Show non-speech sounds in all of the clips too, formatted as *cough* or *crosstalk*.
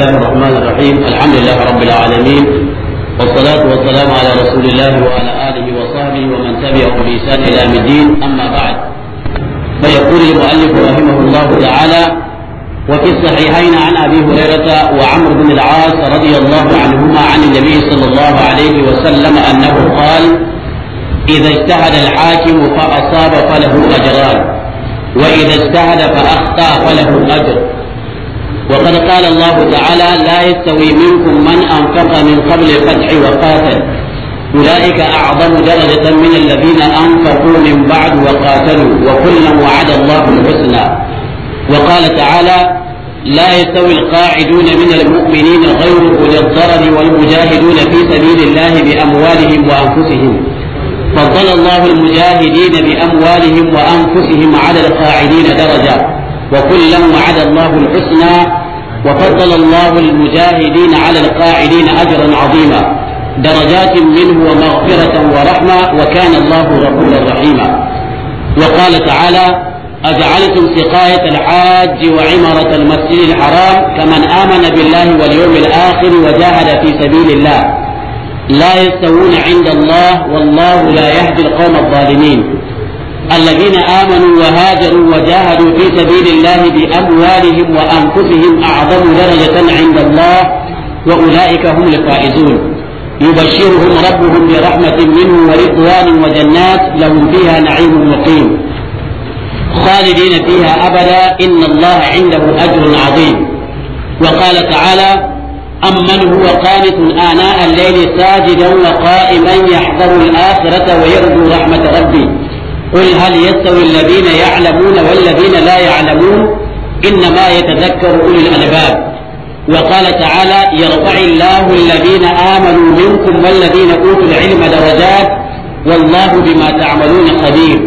الله الرحمن الرحيم الحمد لله رب العالمين والصلاة والسلام على رسول الله وعلى آله وصحبه ومن تبعه بإحسان إلى يوم الدين أما بعد فيقول المؤلف رحمه الله تعالى وفي الصحيحين عن أبي هريرة وعمرو بن العاص رضي الله عنهما عن النبي صلى الله عليه وسلم أنه قال إذا اجتهد الحاكم فأصاب فله أجران وإذا اجتهد فأخطأ فله أجر وقد قال الله تعالى لا يستوي منكم من أنفق من قبل الفتح وقاتل أولئك أعظم درجة من الذين أنفقوا من بعد وقاتلوا وكلا وعد الله الحسنى وقال تعالى لا يستوي القاعدون من المؤمنين غير أولي الضرر والمجاهدون في سبيل الله بأموالهم وأنفسهم فضل الله المجاهدين بأموالهم وأنفسهم على القاعدين درجات وكلا وعد الله الحسنى وفضل الله المجاهدين على القاعدين أجرا عظيما درجات منه ومغفرة ورحمة وكان الله غفورا رحيما وقال تعالى أجعلتم سقاية الحاج وعمرة المسجد الحرام كمن آمن بالله واليوم الآخر وجاهد في سبيل الله لا يستوون عند الله والله لا يهدي القوم الظالمين الذين آمنوا وهاجروا وجاهدوا في سبيل الله بأموالهم وأنفسهم أعظم درجة عند الله وأولئك هم الفائزون يبشرهم ربهم برحمة منه ورضوان وجنات لهم فيها نعيم مقيم خالدين فيها أبدا إن الله عنده أجر عظيم وقال تعالى أمن هو قانت آناء الليل ساجدا وقائما يحذر الآخرة ويرجو رحمة ربه قل هل يستوي الذين يعلمون والذين لا يعلمون إنما يتذكر أولي الألباب وقال تعالى يرفع الله الذين آمنوا منكم والذين أوتوا العلم درجات والله بما تعملون خبير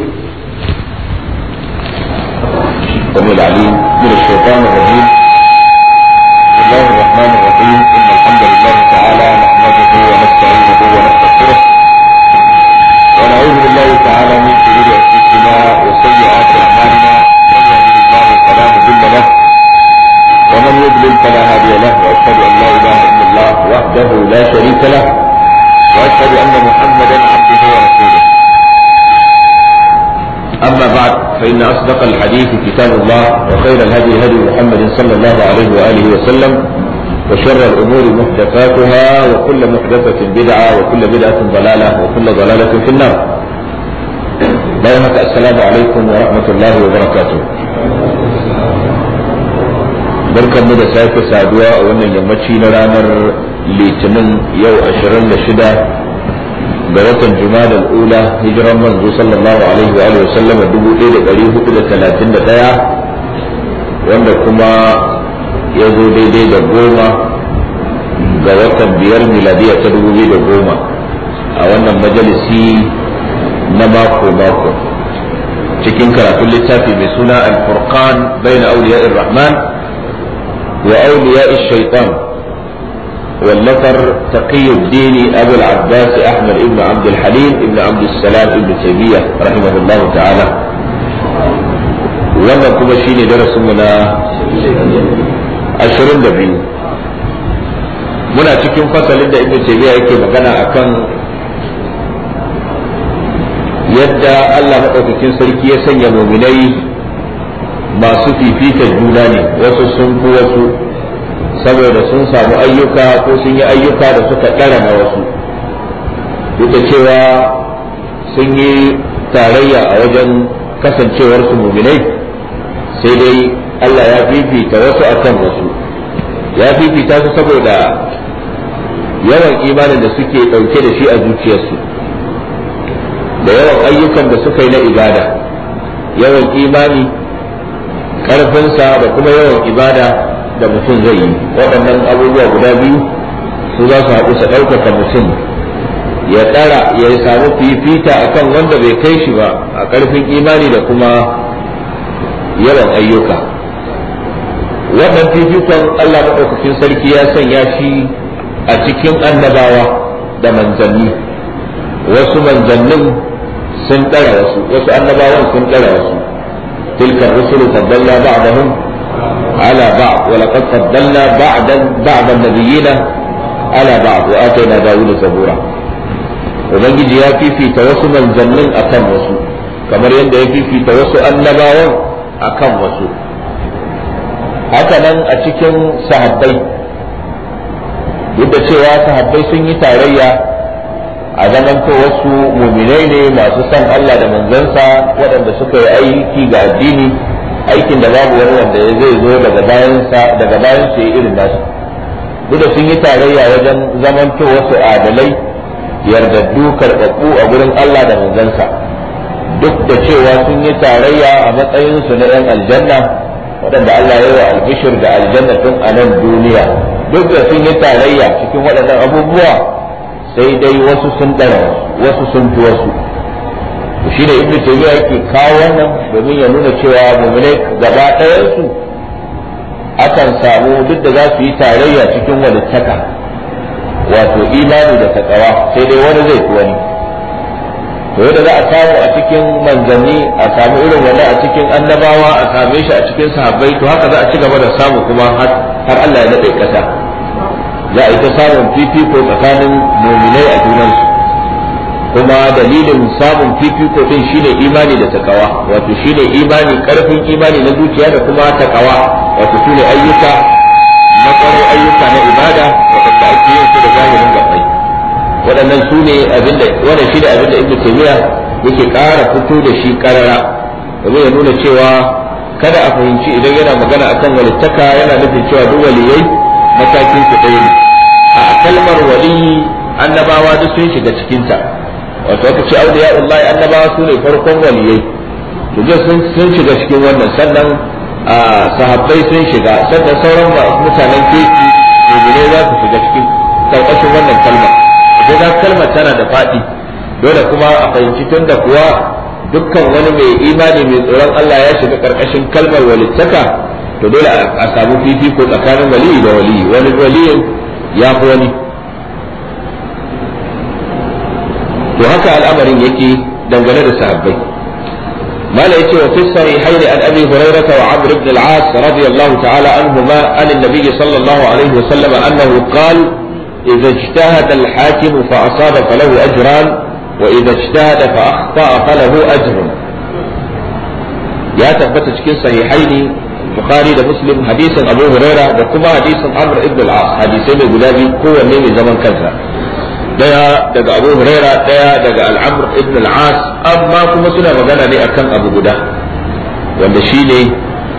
السميع العليم من الشيطان الرجيم بسم الله الرحمن الرحيم وحده لا شريك له واشهد ان محمدا عبده ورسوله اما بعد فان اصدق الحديث كتاب الله وخير الهدي هدي محمد صلى الله عليه واله وسلم وشر الامور محدثاتها وكل محدثه بدعه وكل بدعه ضلاله وكل ضلاله في النار دائما السلام عليكم ورحمه الله وبركاته barkan mu da sake saduwa a wannan yammaci na ranar litinin yau 26 ga watan jumada al'ula hijiran manzo sallallahu alaihi wa alihi wasallam 1431 wanda kuma ya zo daidai da goma ga watan biyar miladiya ta 2010 a wannan majalisi na mako-mako cikin karatun littafi mai suna al-furqan bayna awliya'ir rahman wa awliya'ish shaitan والنفر تقي الدين أبو العباس أحمد wannan kuma shi ne darasinmu na ashirin da biyu muna cikin fasalin da ibn taymiya yake magana akan yadda Allah maɗaukakin sarki ya sanya muminai masu fifita juna ne wasu sun fi wasu saboda sun samu ayyuka ko sun yi ayyuka da suka ɗara na wasu duk cewa sun yi tarayya a wajen kasancewarsu muminai sai dai Allah ya fifita wasu akan wasu ya fifita su saboda yawan imanin da suke ɗauke da shi a zuciyarsu da yawan ayyukan da suka yi na ibada yawan imani ƙarfinsa da kuma yawan ibada da mutum zai yi waɗannan abubuwa guda biyu su za su haɗu su ɗaukaka mutum ya tsara ya samu fifita akan wanda bai kai shi ba a ƙarfin imani da kuma yawan ayyuka wannan fifikon Allah maɗaukakin sarki ya sanya shi a cikin annabawa da manzanni wasu manzannin sun ɗara wasu wasu annabawan sun ɗara wasu tilkar rusulu faddalla على بعض ولقد فضلنا بعد بعض النبيين على بعض وآتينا داود زبورا ubangiji ya fifita wasu manzannin akan wasu kamar yadda ya fifita wasu annabawan akan wasu Hakanan a cikin sahabbai duk da cewa sahabbai sun yi tarayya a zaman to wasu muminai ne masu son Allah da manzansa waɗanda suka yi aiki ga addini aikin da babu wani wanda ya zai zo daga bayan sa daga bayan irin nasu duk da sun yi tarayya wajen zamanto wasu adalai dukar karɓaɓɓu a gurin Allah da manzansa duk da cewa sun yi tarayya a matsayinsu na 'yan aljanna waɗanda Allah ya wa albishir da aljanna tun a nan duniya duk da sun yi tarayya cikin waɗannan abubuwa sai dai wasu sun ɗara wasu sun fi wasu shi da ibnu taymiya yake kawo wannan domin ya nuna cewa mu'minai gaba ɗayan su akan samu duk da za su yi tarayya cikin walittaka wato imani da takawa sai dai wani zai fi wani to yadda za a samu a cikin manzanni a samu irin wannan a cikin annabawa a same shi a cikin sahabbai to haka za a ci gaba da samu kuma har Allah ya daɗe ƙasa za a yi ta samun fifiko tsakanin mu'minai a junansu kuma dalilin samun fifiko din shine imani da takawa wato shine imani karfin imani na zuciya da kuma takawa wato shine ayyuka na ayyuka na ibada wadanda ake yin su da zahirin gabai waɗannan su ne abinda wannan shine abinda ibnu taymiya yake ƙara fito da shi karara domin ya nuna cewa kada a fahimci idan yana magana akan walittaka yana nufin cewa duk waliyai matakin su ɗaya ne a kalmar wali annabawa duk sun shiga cikinta wato aka ce auliya Allah annaba su ne farkon waliyai to sun sun shiga cikin wannan sannan sahabbai sun shiga sannan sauran mutanen keki ne za su shiga cikin karkashin wannan kalma sai da kalmar tana da faɗi dole kuma a fahimci tun da kuwa dukkan wani mai imani mai tsoron Allah ya shiga karkashin kalmar walittaka to dole a samu fifiko tsakanin waliyi da waliyi wani waliyin ya fi wani to haka al'amarin yake dangane da sahabbai mala yace wa fi sahihain an abi wa amr ibn al-as radiyallahu ta'ala anhuma an an-nabiy sallallahu alaihi wa sallam annahu qala idza ijtahada al-hakim fa asaba falahu ajran wa idza ijtahada fa akhta'a falahu ajrun ya tabbata cikin sahihaini bukhari da muslim hadisin abu huraira da kuma hadisin amr ibn al hadisai mai guda kowanne mai zaman kansa daya daga Abu Huraira daya daga al ibn amma kuma suna magana ne akan abu guda wanda shine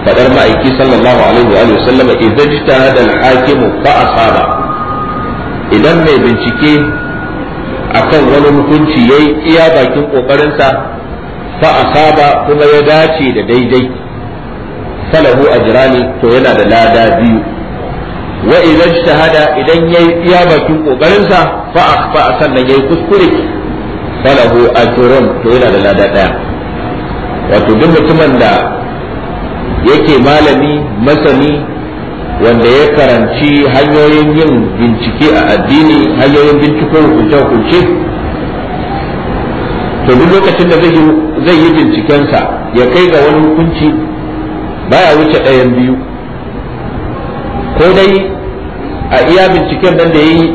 fadar ma'aiki sallallahu alaihi wa alihi wasallam idan ijtahada al-hakim fa asaba idan mai bincike akan wani hukunci yayi iya bakin kokarinsa fa asaba kuma ya dace da daidai falahu ajrani to yana da lada biyu wa idan shahada idan yayi iya bakin sa fa akhfa sannan yayi kuskure falahu ajrun to yana da lada daya wato duk mutumin da yake malami masani wanda ya karanci hanyoyin yin bincike a addini hanyoyin binciko hukunce-hukunce to duk lokacin da zai yi bincikensa ya kai ga wani hukunci baya wuce ɗayan biyu ko dai a iya binciken nan da ya yi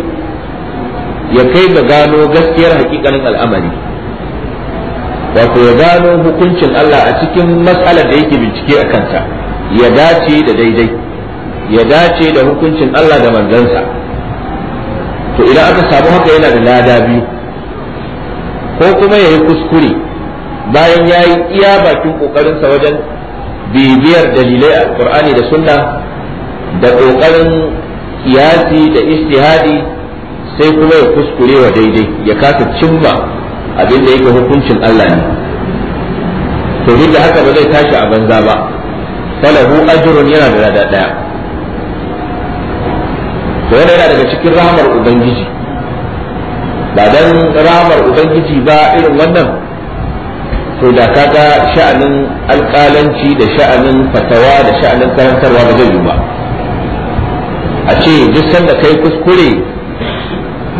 ya kai ga gano gaskiyar hakikanin al'amari wato ya gano hukuncin Allah a cikin matsalar da yake bincike a kanta ya dace da daidai ya dace da hukuncin Allah da manzansa to idan aka samu haka yana da lada biyu ko kuma ya yi kuskure bayan ya yi iya bakin ƙoƙarinsa wajen bibiyar dalilai a da sunna da ƙoƙarin kiyasi da istihadi sai kuma ya kuskure wa daidai ya kasa cimma abin da yake hukuncin Allah ne to duk da haka ba zai tashi a banza ba falahu ajrun yana da rada daya to yana daga cikin rahamar ubangiji ba dan rahmar ubangiji ba irin wannan to da kaga sha'anin alƙalanci da sha'anin fatawa da sha'anin karantarwa ba zai yi ba a ce duk sanda kai kuskure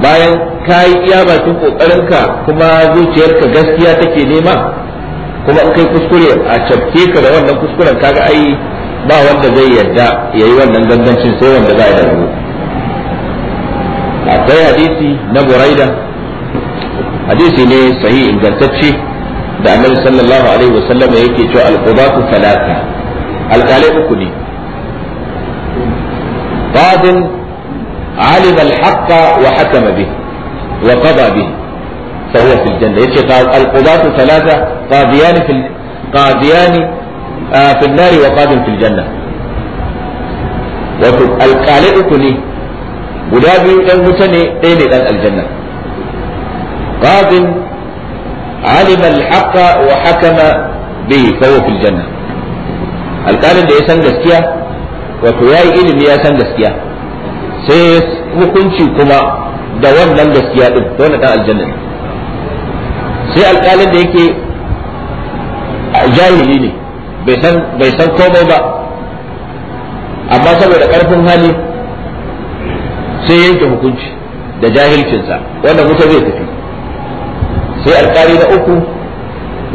bayan ka yi iya bakin kokarinka kuma zuciyarka gaskiya take nema kuma kai kuskure a cafke ka da wannan kuskuren kaga ai ba wanda zai yarda ya yi wannan gangancin sai wanda za da rabu akwai hadisi na buraida hadisi ne sahi ingantacce da annabi sallallahu alaihi wasallam yake cewa al-qudatu talata alƙalai uku ne قاض علم الحق وحكم به وقضى به فهو في الجنة القضاة ثلاثة قاضيان في قاضيان آه، في النار وقاض في الجنة القالئ كلي بدابي أن متني أين الجنة قاض علم الحق وحكم به فهو في الجنة القالئ ليسن جسكيه wato ya yi ilimi ya san gaskiya sai hukunci kuma da wannan gaskiya din wanda dan aljanna sai alƙalin da yake jahili ne bai san bai san komai ba amma saboda karfin hali sai yanke hukunci da jahilcinsa wannan wuta zai tafi sai alƙali na uku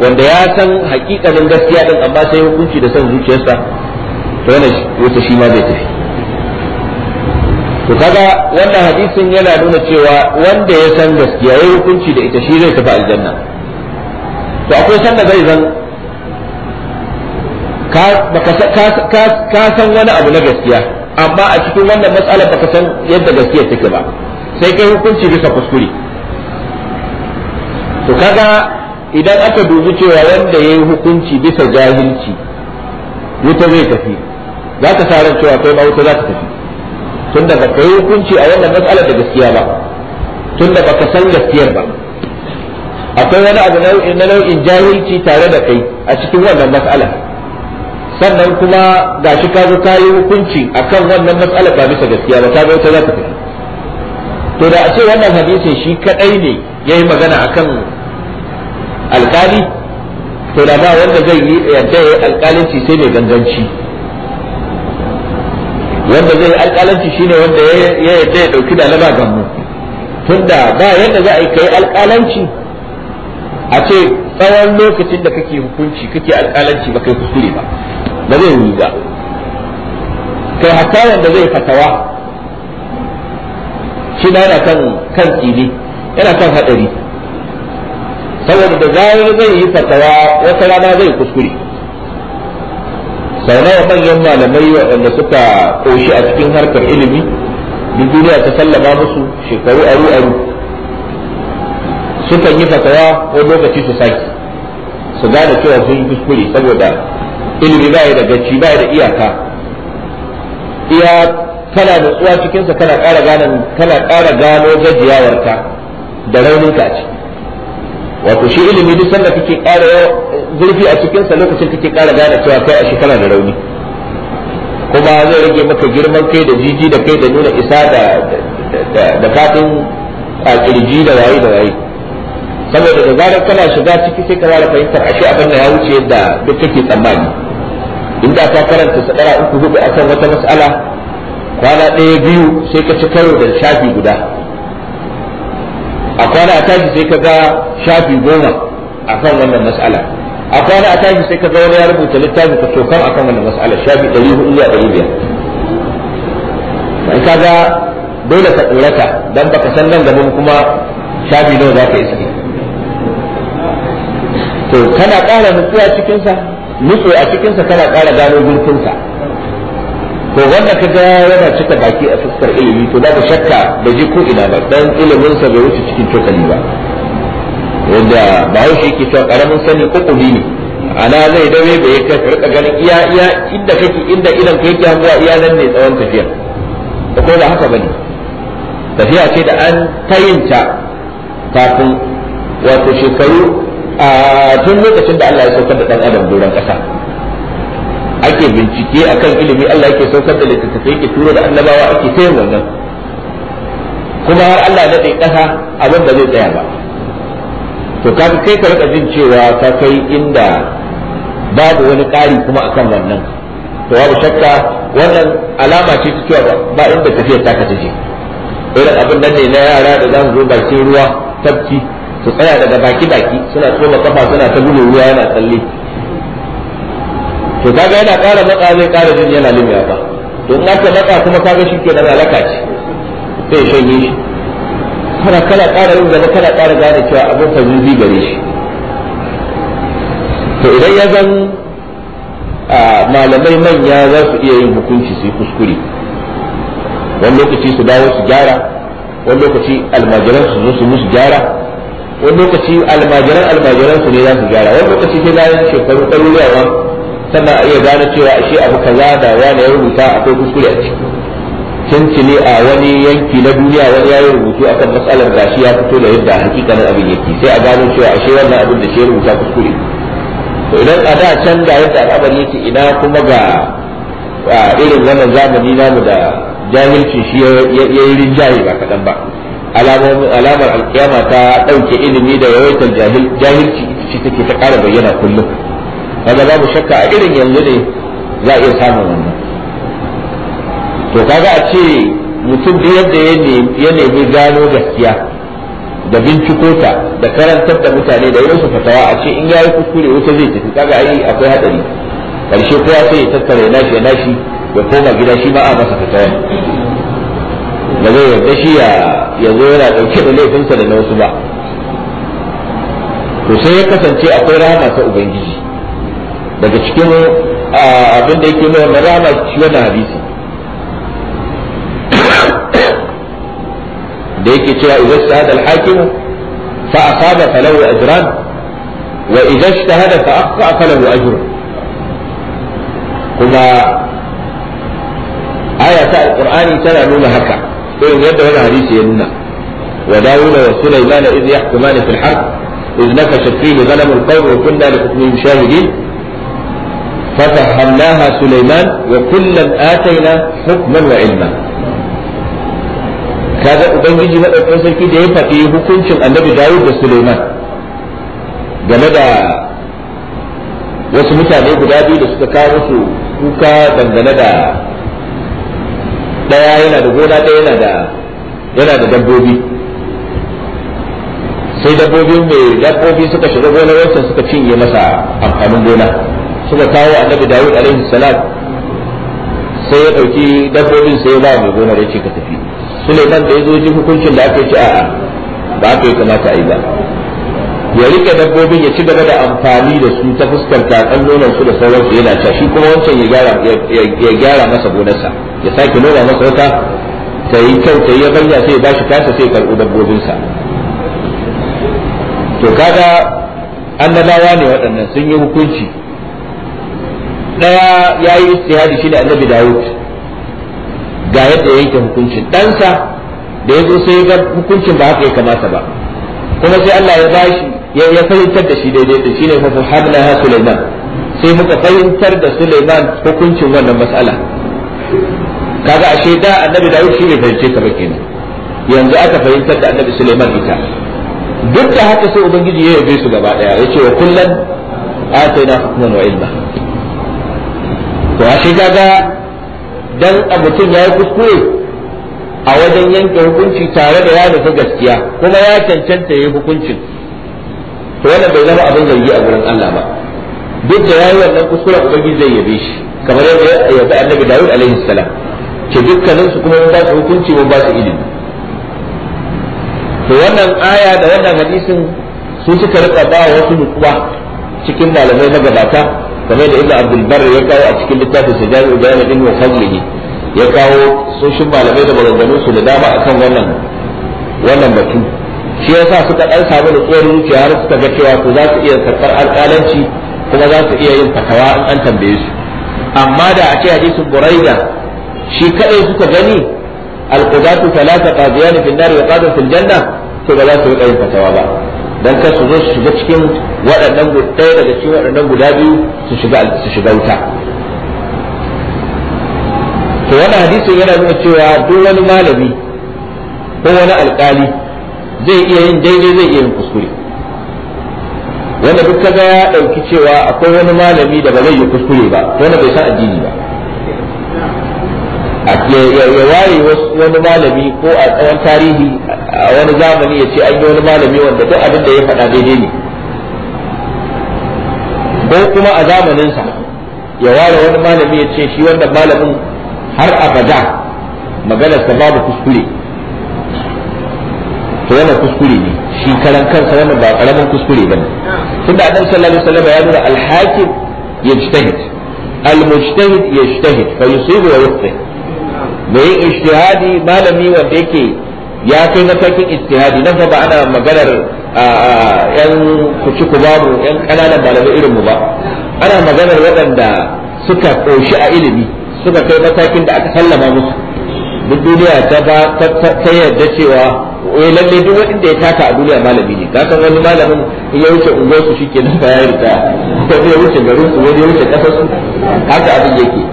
wanda ya san hakikalin gaskiya din amma sai hukunci da san zuciyarsa to wata shi ma zai tafi to kaga wannan hadisin yana nuna cewa wanda ya san gaskiya yayi hukunci da ita shi zai tafi aljanna to akwai sanda zai zan ka san wani abu na gaskiya amma a cikin wannan matsalar baka san yadda gaskiya take ba sai kai hukunci bisa kuskure to kaga idan aka dubi cewa wanda yi hukunci bisa jahilci wuta zai tafi za ka sa ran cewa kai ba wuta za ka tafi tun da baka yi hukunci a wannan matsala da gaskiya ba tun da baka san gaskiyar ba akwai wani abu na nau'in jahilci tare da kai a cikin wannan matsala sannan kuma gashi ka zo ka yi hukunci kan wannan matsala ba bisa gaskiya ba ka ga wuta za ka tafi to da a ce wannan hadisin shi kadai ne yayi magana akan alkali to da ba wanda zai yi yadda ya alkalinci sai mai ganganci wanda zai yi alƙalanci shine wanda ya yadda ya ɗauki da laba gammu tunda ba yadda za a yi kai alƙalanci a ce tsawon lokacin da kake hukunci kake alƙalanci ba kai kuskure ba ba zai yi ba kai hatta wanda zai fatawa shi na yana kan kan tsini yana kan haɗari saboda da zai yi fatawa wata rana zai kuskure sau nawa manyan malamai waɗanda suka koshi a cikin harkar ilimi duk duniya ta sallama musu shekaru aru aru sukan yi fatawa ko lokaci su saki su gane cewa sun yi kuskure saboda ilimi ba da gaci ba da iyaka iya kana da tsuwa cikinsa kana ƙara gano gajiyawarka da rauninka a ciki wato shi ilimi duk sanda kake ƙara zurfi a cikin sa lokacin kake ƙara gane cewa kai a shekara da rauni kuma zai rage maka girman kai da jiji da kai da nuna isa da da fatin kirji da waye da waye saboda da zarar kana shiga ciki sai ka fara fahimtar ashe abin da ya wuce yadda duk kake tsammani da ka karanta sadara uku hudu akan wata mas'ala kwana ɗaya biyu sai ka ci karo da shafi guda a kwana a tashi sai ka ga shafi goma kan wannan mas'ala a kwana a tashi sai ka ga wani ya rubuta littafi ka tokan kan wannan mas'ala shafi ɗari hudu zuwa ɗari biyar in ka ga dole ka tsorata don baka san nan gaban kuma shafi nawa za ka iske to kana ƙara nutsuwa cikinsa nutsuwa a cikinsa kana ƙara gano zurfinsa to wanda ka ga yana cika baki a fuskar ilimi to za ka shakka da ji ko ina ba dan ilimin sa bai wuce cikin cokali ba wanda bahaushe yake cewa karamin sani kokumi ne ana zai dawe da ya ka rika ganin iya iya inda kake inda idan ka yake hangowa iya nan ne tsawon tafiya da ko ba haka bane tafiya ce da an tayinta kafin wato shekaru a tun lokacin da Allah ya saukar da dan adam doron kasa ake bincike akan ilimi Allah yake saukar da littattafai yake turo da annabawa ake ta wannan kuma har Allah da daɗe ƙasa abin da zai tsaya ba to kaga kai ka rika jin cewa ka kai inda babu wani ƙari kuma akan wannan to babu shakka wannan alama ce ta cewa ba inda tafiyar ta ka je irin abin nan ne na yara da za su zo bakin ruwa tafki su tsaya daga baki baki suna tsoma kafa suna ta gudun ruwa yana tsalle to kaga yana ƙara matsa zai ƙara jin yana limya ba don aka matsa kuma kaga shi ke nan alaka ce sai ya shanye shi kana kana ƙara yin gaba kana ƙara gane cewa abin fa zubi gare shi to idan ya zan malamai manya za su iya yin hukunci su yi kuskure wani lokaci su dawo su gyara wani lokaci almajiran su zo su musu gyara wani lokaci almajiran almajiran su ne za su gyara wani lokaci sai bayan shekaru ɗaruruwa sannan a iya gane cewa ashe abu kaza da wani ya rubuta akwai kuskure a ciki tuntuni a wani yanki na duniya wani ya yi rubutu akan matsalar shi ya fito da yadda hakikanin abin yake sai a gano cewa ashe wannan abin da shi ya rubuta kuskure to idan a da can da yadda al'amari yake ina kuma ga irin wannan zamani namu da jahilcin shi ya yi rinjaye ba kaɗan ba alamar alkiyama ta ɗauke ilimi da yawaitar jahilci ita ce take ta ƙara bayyana kullum kaga babu shakka a irin yanzu ne za a iya samun wannan to kaga a ce mutum da yadda ya nemi gano gaskiya da binciko ta da karantar da mutane da yau su fatawa a ce in ya yi kuskure wuta zai tafi kaga ai akwai hadari karshe ya sai ya tattara ya nashi ya nashi ya koma gida shi ba a masa fatawa ba zai yarda shi ya ya zo yana dauke da laifinsa da na wasu ba to sai ya kasance akwai rahama ta ubangiji daga cikin abin da yake nuna rama shi da hadisi da yake cewa idan sa'ad al-hakim fa asaba falahu ajran wa idan ijtahada fa aqta falahu ajrun kuma aya ta alqur'ani tana nuna haka irin yadda wannan hadisi ya nuna wa dawuda wa sulaymana idh yahkumani fil harb إذ نفشت فيه غنم القوم وكنا لحكمهم شاهدين ففهمناها سليمان وكلا آتينا حكما وعلما kaga ubangiji madaukakin sarki da ya faɗi hukuncin annabi dawud da suleiman game da wasu mutane guda biyu da suka kawo su kuka dangane da ɗaya yana da gona ɗaya yana da yana da dabbobi sai dabbobin mai dabbobi suka shiga gonar wancan suka cinye masa amfanin gona suka kawo annabi Dawud alaihi salam sai ya dauki dabbobin sai ya ba mai gonar ya ce ka tafi Suleiman da ya zo ji hukuncin da aka ci a'a ba aka yi kamata a yi ba ya rike dabbobin ya ci gaba da amfani da su ta fuskar tatsan nonon su da sauransu yana sha shi kuma wancan ya gyara masa gonarsa ya sake noma masa wata ta yi kyau ta yi yabanya sai ya bashi kasa sai ya dabbobin dabbobinsa to kaga annabawa ne waɗannan sun yi hukunci daya yi istihadi shi da annabi Dawud ga yadda ya ta hukuncin ɗansa da ya zo sai ga hukuncin ba haka ya kamata ba kuma sai Allah ya bashi ya fahimtar da shi daidai da shine fa habna ha Sulaiman sai muka fahimtar da Sulaiman hukuncin wannan mas'ala kaga ashe da annabi Dawud shi ne fahimce ta ba yanzu aka fahimtar da annabi Sulaiman ita duk da haka sai ubangiji ya yabe su gaba daya yace wa kullan atayna hukman wa ilma to a shi kaga dan a mutum ya yi kuskure a wajen yanke hukunci tare da ya nufi gaskiya kuma ya cancanta ya yi hukuncin to wannan bai zama abin yi a gurin Allah ba duk da yayi wannan kuskuren ubangiji zai yabe shi kamar yadda ya yabi annabi Dawud alaihi salam ke dukkanin kuma mun ba su hukunci mun ba su ilimi to wannan aya da wannan hadisin su suka rika ba wasu nutsuwa cikin malamai na gabata. kamar da ibnu abdul barr ya kawo a cikin littafin sa jami'u bayan wa fadlihi ya kawo soshin malamai da maganganun su da dama akan wannan wannan batu shi yasa suka dan samu da tsoron zuciya har suka ga cewa to za su iya karɓar alƙalanci kuma za su iya yin fatawa in an tambaye su amma da a ce hadisin buraida shi kadai suka gani alqudatu talata qadiyani fi an-nar wa qadun fil janna to ba za su yi fatawa ba dan kar su zo su shiga cikin waɗannan ɗaya daga cikin waɗannan guda biyu su shiga su shiga wuta to wannan hadisin yana nuna cewa duk wani malami ko wani alƙali zai iya yin daidai zai iya yin kuskure wanda duk kaga ya ɗauki cewa akwai wani malami da ba zai yi kuskure ba wanda bai san addini ba ya waye wani malami ko a tsawon tarihi a wani zamani ya ce an yi wani malami wanda duk abin da ya faɗa daidai ne ko kuma a zamaninsa ya ware wani malami ya ce shi wanda malamin har abada maganarsa babu kuskure to yana kuskure ne shi karan kansa wannan ba karamin kuskure ba ne tunda annabi sallallahu alaihi wasallam ya nuna al-hakim yajtahid al-mujtahid yajtahid fa yusibu wa yukhti me yin ijtihadi malami wanda yake ya kai matakin istihadi nan ba ana maganar yan kuci ku babu yan kananan malamai irin mu ba ana maganar waɗanda suka ƙoshi a ilimi suka kai matakin da aka sallama musu duk duniya ta ba ta yarda cewa wai eh, lalle duk wanda ya taka a duniya malami ne ka san wani malamin in ya wuce unguwar su shike nan ba ya rika ko ya wuce garin su wani ya wuce kasar su haka abin yake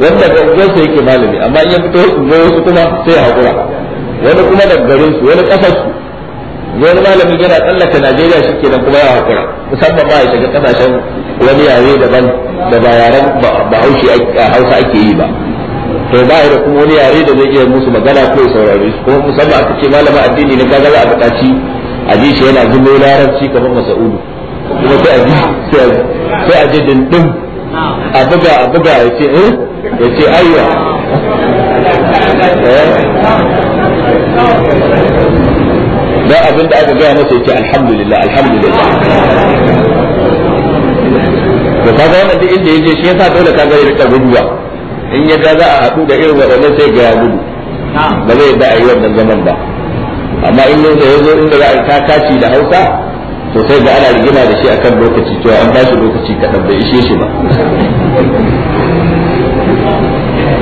wanda ga unguwar su yake malami amma in ya fito unguwar su kuma sai ya hakura wani kuma da garin su wani kasar su wani malami yana tsallaka Najeriya nan kuma ya hakura musamman ba ya shiga kasashen wani yare daban da ba yaren Bahaushe Hausa ake yi ba to ba ya da kuma wani yare da zai iya musu magana ko ya saurare su kuma musamman aka ce malama addini na gaza za a buƙaci a ji shi yana zumo larabci kamar Masa'udu kuma sai a ji sai a ji dindin a buga a buga ya ce eh ya ce aiwa *laughs* da abin da aka gaya masa yake alhamdulillah alhamdulillah to ga wannan duk inda yake shi yasa dole ka ga rika guduwa in ya ga za a hadu da irin waɗannan sai ga ya gudu ba zai da a yi wannan zaman ba amma in yanzu ya zo inda za a ta kaci da hausa to sai ga ana rigima da shi akan lokaci to an ba shi lokaci kaɗan bai ishe shi ba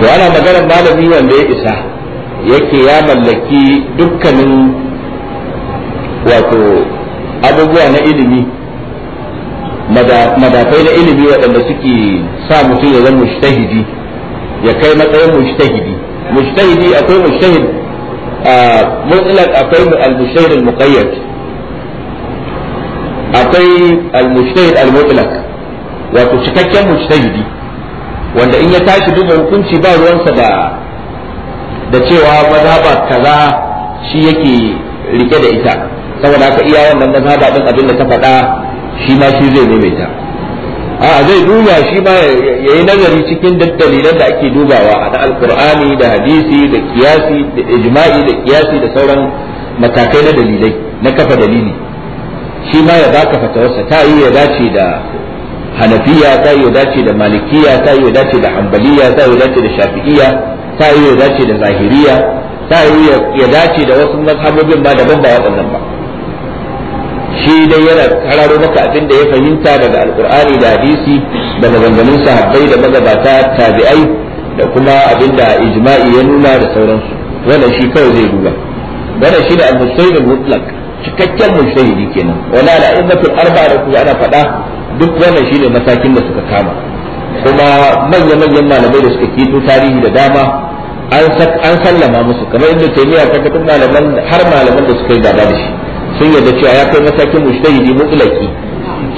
to ana maganar malami wanda ya isa yake ya mallaki dukkanin wato abubuwa na ilimi madafai na ilimi waɗanda suke sa mutum ya zama mujtahidi ya kai matsayin mujtahidi mujtahidi akwai mujtahid mutlaq akwai al-mujtahid al-muqayyad akwai al-mujtahid al-mutlaq wato cikakken mujtahidi wanda in ya tashi duba hukunci ba ruwansa da da cewa mazhaba kaza shi yake rike da ita saboda haka iya wannan mazhaba din abin da ta faɗa shi ma shi zai ta. a zai duba shi ma ya yi nazari cikin duk dalilan da ake dubawa a na alkur'ani da hadisi da kiyasi da ijma'i da kiyasi da sauran matakai na dalilai na kafa dalili shi ma ya baka fatawarsa ta yi ya dace da hanafiya ta yi ya dace da malikiya ta yi ya dace da hanbaliya ta yi ya dace da shafi'iya ta ya dace da zahiriya ta ya dace da wasu mazhabobin ba daban ba waɗannan ba shi dai yana kararo maka abin da ya fahimta daga alkur'ani da hadisi da maganganun sahabbai da magabata tabi'ai da kuma abin da ijma'i ya nuna da sauransu wannan shi kawai zai duba wannan shi da al-mustahid mutlaq cikakken mujtahidi kenan wala la immatul arba'a da kuma ana faɗa duk wannan shine matakin da suka kama kuma manya manyan malamai da suka kito tarihi da dama an sallama musu kamar inda taymiya ta duk malaman har malaman da suka yi gaba da shi sun yarda cewa ya kai yi mu mutlaki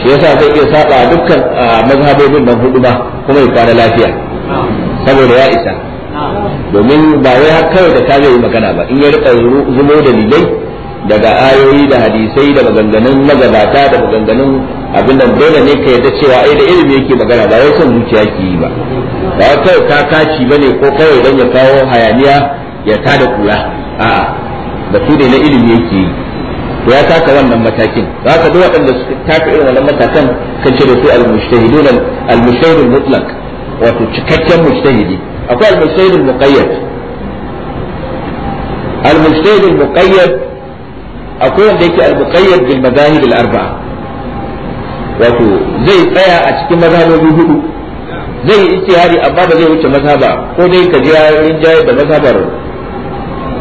shi yasa zai iya saba dukkan mazhabobin nan hudu ba kuma ya kwana lafiya saboda ya isa domin ba wai har kawai da ka zai yi magana ba in ya rika zumo da daga ayoyi da hadisai da maganganun magabata da maganganun abin nan dole ne ka yarda cewa ai da ilimi yake magana ba wai son zuciya ke yi ba ba wai kawai ka kaci bane ko kawai dan ya kawo hayaniya ya tada kula a'a batu ne na ilimi yake yi to ya taka wannan matakin Ba ka duk waɗanda suka taka irin wannan matakan kan ce da su al-mujtahidun al-mujtahid al-mutlaq wato cikakken mujtahidi akwai al-mujtahid al-muqayyad al-mujtahid al-muqayyad akwai wanda yake al-muqayyad bil madahib al-arba'a wato zai tsaya a cikin mazhabobi hudu zai yi ijtihadi amma ba zai wuce mazhaba ko dai ka ji rinjaye da mazhabar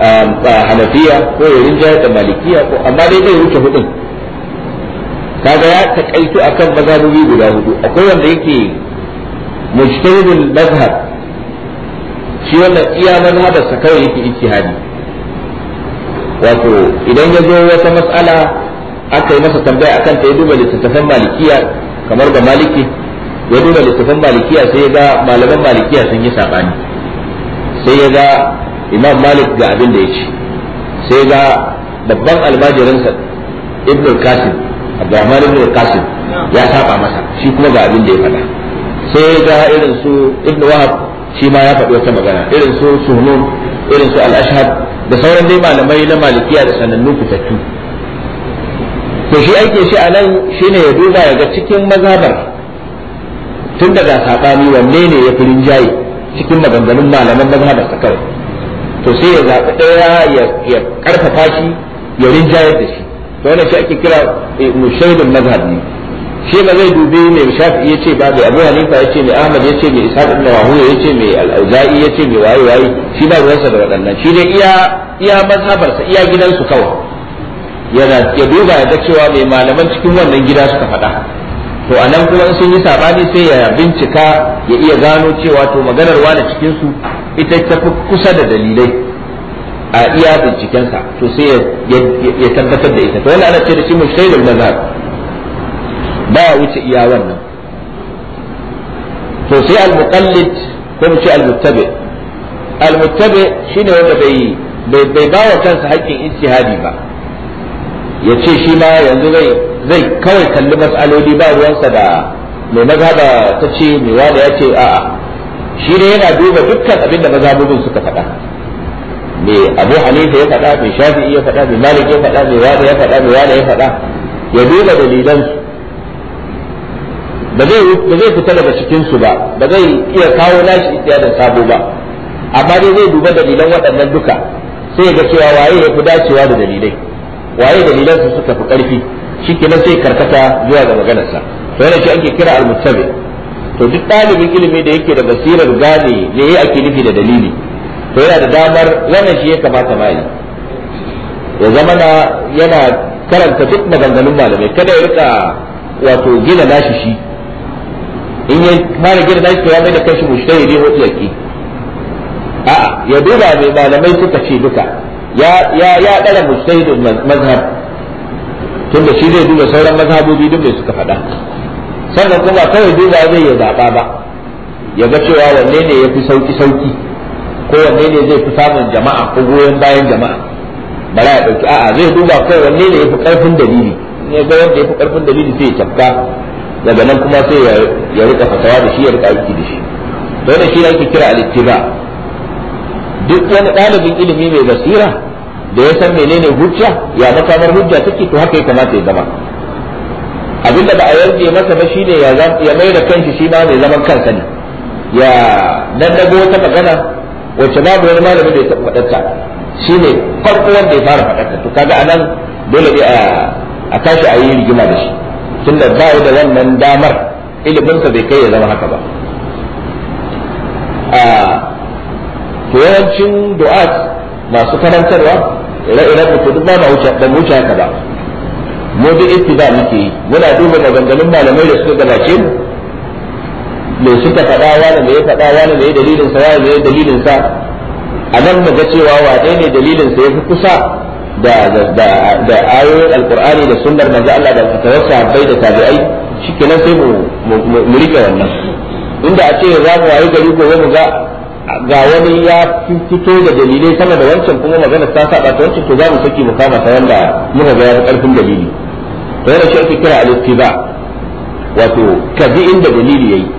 um, hanafiya ko ya rinjaye da malikiya ko amma dai zai wuce hudun kaga ya takaitu akan mazhabobi guda hudu akwai wanda yake mujtahidul mazhab shi wanda iya sa kawai yake ijtihadi wato idan ya zo wata mas'ala aka yi masa tambaya akan ta ya duba littattafan malikiya kamar ga maliki ya duba littattafan malikiya sai ya ga malaman malikiya sun yi sabani sai ya ga imam malik ga abin da ya ce sai ya ga babban almajirinsa ibn kasim abdurrahman ibn kasim ya saba masa shi kuma ga abin da ya faɗa sai ya ga irin su ibn wahab shi ma ya faɗi wata magana irin su sunun irin su al-ashhad da sauran dai malamai na malikiya da sanannu fitattu to shi aike shi a nan shi ne ya duba ya ga cikin mazhabar tun daga saɓani wanne ne ya fi rinjaye cikin maganganun malaman mazhabar sa kawai to sai ya zaɓi ɗaya ya ƙarfafa shi ya rinjayar da shi to wannan shi ake kira eh, mushaidin mazhab ne shi ba zai dubi mai ya ce ba mai abu hanifa ce mai ahmad ya ce mai ishaq ibn ya ce mai al'auza'i ya ce mai waye waye shi ba ruwansa da waɗannan shi ne iya iya mazhabar iya gidansu kawai yana ya duba ya ga cewa mai malaman cikin wannan gida suka faɗa to anan kuma sun yi sabani sai ya bincika ya iya gano cewa to maganar wani cikin su ita ta fi kusa da dalilai a iya bincikensa to sai ya tabbatar da ita to wannan ana ce da shi mushaidul mazhab ba wuce iya wannan to sai al-muqallid ko mu ce al-muttabi al-muttabi shine wanda bai bai ba wa kansa haƙƙin ijtihadi ba ya ce shi ma yanzu zai kawai kalli mas'aloli ba ruwansa da mai mazhaba ta ce mai wani ya ce a'a shi ne yana duba dukkan abin da mazhabobin suka faɗa me abu hanifa ya faɗa me shafi'i ya faɗa me malik ya faɗa me wani ya faɗa me wani ya faɗa ya duba dalilan su ba zai fita daga cikin su ba ba zai iya kawo nashi da sabo ba amma dai zai duba dalilan waɗannan duka sai ga cewa waye ya fi dacewa da dalilai waye dalilan su suka fi karfi shikenan sai karkata zuwa ga maganarsa to yana shi ake kira al-muttabi to duk ɗalibin ilimi da yake da basirar gane ne yayi ake nufi da dalili to yana da damar wannan shi ya kamata mai ya zama na yana karanta duk maganganun malamai kada ya rika wato gina nashi shi in ya fara gina nashi to ya mai da kashi mushtahidi ko tsaki a'a ya duba mai malamai suka ce duka ya ya ya dara mujtahidin mazhab tunda shi zai duba sauran mazhabobi duk da suka faɗa sannan kuma kawai duba zai ya zaba ba ya ga cewa wanne ne ya fi sauki sauki ko wanne ne zai fi samun jama'a ko goyon bayan jama'a bara ya dauki a'a zai duba kai wanne ne ya fi karfin dalili ne ga wanda ya fi karfin dalili sai ya tafka daga nan kuma sai ya rika fatawa da shi ya rika aiki da shi dole shi yake kira al-ittiba' duk wani ɗalibin ilimi mai basira da ya san menene hujja ya makamar hujja take to haka ya kamata ya zama abinda ba a yarje masa ba shine ya ya mai da kanshi shi ma mai zaman kansa ne ya daddago wata magana wacce babu wani malami da ya taɓa faɗarta shine farko wanda ya fara faɗarta to kaga anan dole ne a tashi a yi rigima da shi tunda ba da wannan damar iliminsa bai kai ya zama haka ba to yawancin du'at masu karantarwa ire da mutu duk ba ba wuce haka ba mu da ittiba muke yi muna duba maganganun malamai da suka gabace mu me suka faɗa wani me ya faɗa wani me ya dalilin sa wani me ya dalilin sa a nan mu ga cewa wane ne dalilin sa yafi kusa da da da ayoyin alqur'ani da sunnar manzo Allah da fatawar sahabbai da tabi'ai shikenan sai mu mu rike wannan inda a ce za mu wayi gari gobe mu ga ga wani ya fito da dalilai sama da wancan kuma magana ta saba ta wancan to za mu saki mu kama ta yanda muka ga ya karfin dalili to yana shi ake kira al-ittiba wato ka bi inda dalili yayi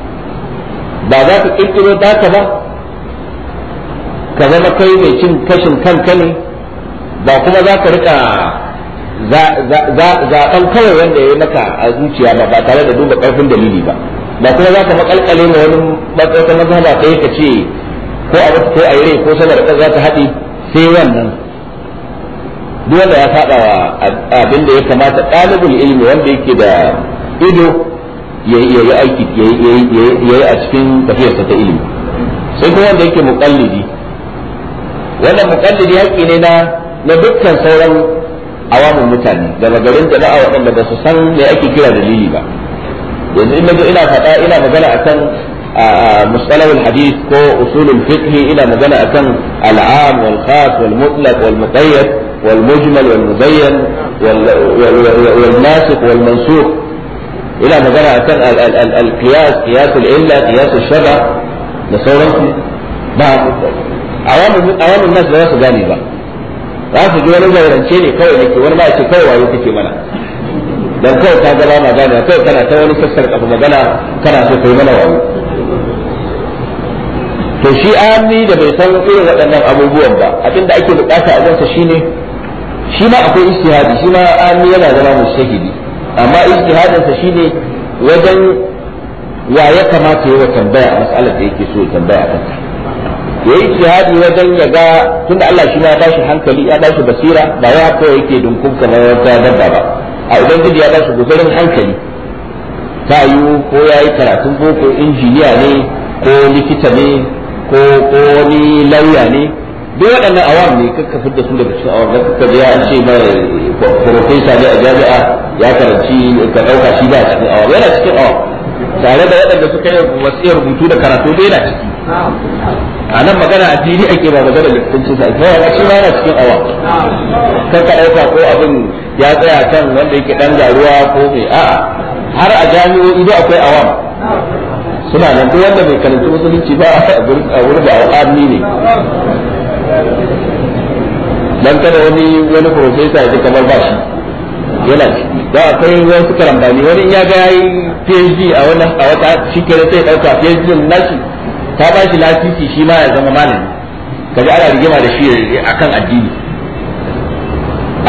ba za ka kirkiro ka ba ka zama kai mai cin kashin kanka ne ba kuma za ka rika zaɓen kawai wanda ya yi maka a zuciya ba ba tare da duba ƙarfin dalili ba ba kuma za ka makalkale ma wani matsatsa mazhaba kai ka ce ko a wata sai a yi rai ko sama da za ta haɗi sai wannan duk wanda ya wa abin da ya kamata ɗalibin ilimi wanda yake da ido ya yi aiki ya yi a cikin tafiyarsa ta ilimi sai kuma wanda yake muƙallidi wannan muƙallidi haƙƙi ne na na dukkan sauran awamin mutane daga garin jama'a waɗanda ba su san me ake kira dalili ba yanzu in nazo ina faɗa ina magana akan مسألة الحديث كو أصول الفقه إلى ما مجال كان العام والخاص والمطلق والمقيد والمجمل والمبين والناسق والمنسوخ إلى ما مجال كان القياس قياس العلة قياس الشبع نصورة عوام عوام الناس لا يصدقني بقى ba su ji wani zauren ce ne kawai nake wani ba ce kawai wayo kake mana dan kawai ka ga ba magana kawai kana ta wani sassar kafa magana kana so to shi ami da bai san irin waɗannan abubuwan ba da ake bukata a gansa shine shi ma akwai ijtihadi shi ma ami yana zama mujtahidi amma ijtihadin sa shine wajen wa ya kamata yi wa tambaya a mas'alar da yake so ya tambaya a kanta yi ijtihadi wajen ya ga tunda Allah shi ma ya bashi hankali ya bashi basira ba ya kawai yake dunkun kamar ya dabba ba a ubangiji ya bashi gudurin hankali ta yi ko ya yi karatun boko injiniya ne ko likita ne ko wani lauya ne duk waɗannan awam ne kakka fitar su daga cikin awam da kakka ya an ce mai profesa ne a jami'a ya karanci ka ɗauka shi ba cikin awam yana cikin awam tare da waɗanda suka yi wasu rubutu da karatu da yana ciki a nan magana a fili ake ba magana likitanci sa ita ya shi yana cikin awa kan ka ɗauka ko abin ya tsaya kan wanda yake ɗan garuwa ko mai a'a har a jami'o'i da akwai awam suna nan duk wanda bai karanta musulunci ba a wurin da awami ne dan kada wani wani profesa ya kamar ba shi yana da akwai wasu karambani wani ya ga yayi PhD a wannan a wata shikere sai dauka PhD nashi ta ba shi lasisi shi ma ya zama malami kaji ana rigima da shi eh, akan addini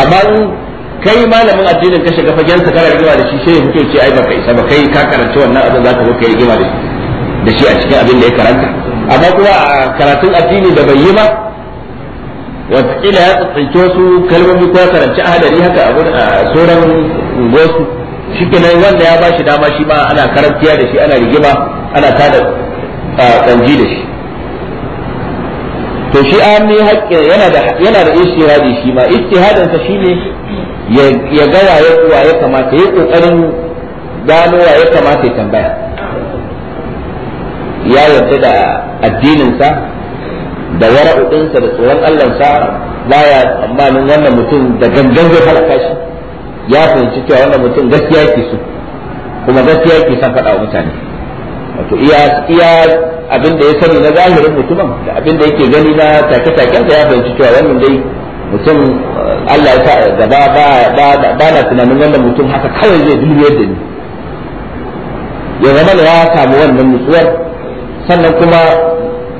amma kai malamin addinin ka shiga fagen sa kana rigima da shi sai ya fito ce ai baka isa ba kai ka karanta wannan abin zaka zo kai rigima da shi da shi a cikin abin da ya karanta amma kuma a karatun addini da bai yi ba kila ya tsinci wasu kalmomi ko ya karanci ahadari haka a sauran gosu shi kenan wanda ya ba shi dama shi ma ana karantiya da shi ana rigima ana tada kanji da shi to shi an ne yana da yana da ishtihadi shi ma ishtihadin sa shine ya ga ya kuwa ya kamata ya kokarin gano wa ya kamata ya tambaya ya yarda da addininsa da wara'udinsa da tsoron allansa baya tsammanin wannan mutum da gangan zai halaka shi ya fahimci cewa wannan mutum gaskiya yake so kuma gaskiya yake san faɗa wa mutane wato iya iya abin da ya sani na zahirin mutumin da abin da yake gani na take-taken da ya fahimci cewa wannan dai mutum uh, Allah ya sa gaba ba na tunanin wanda mutum haka kawai zai dulmiyar da ni ya zama da ya samu wannan nutsuwar sannan kuma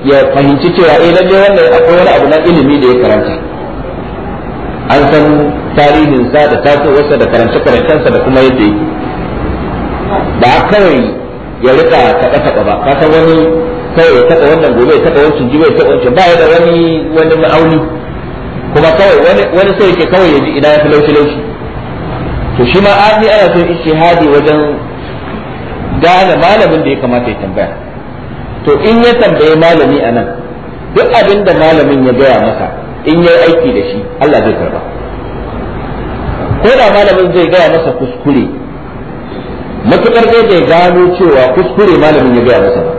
ya fahimci cewa eh lalle wannan akwai wani abu na ilimi da ya karanta an san tarihin sa da tasowarsa da karance karancensa da kuma yadda yake ba kawai ya rika taɓa taɓa ba ka san wani kawai ya taɓa wannan gobe ya taɓa wancan jibe ya taɓa wancan ba ya da wani wani ma'auni kuma kawai wani sai yake kawai ya ji idan ya fi laushi laushi to shi ma an yi ana son ishihadi wajen gane malamin da ya kamata ya tambaya to in ya tambaye malami a nan duk abin da malamin ya gaya masa in ya aiki da shi Allah zai karba ko da malamin zai gaya masa kuskure matukar zai gano cewa kuskure malamin ya gaya masa ba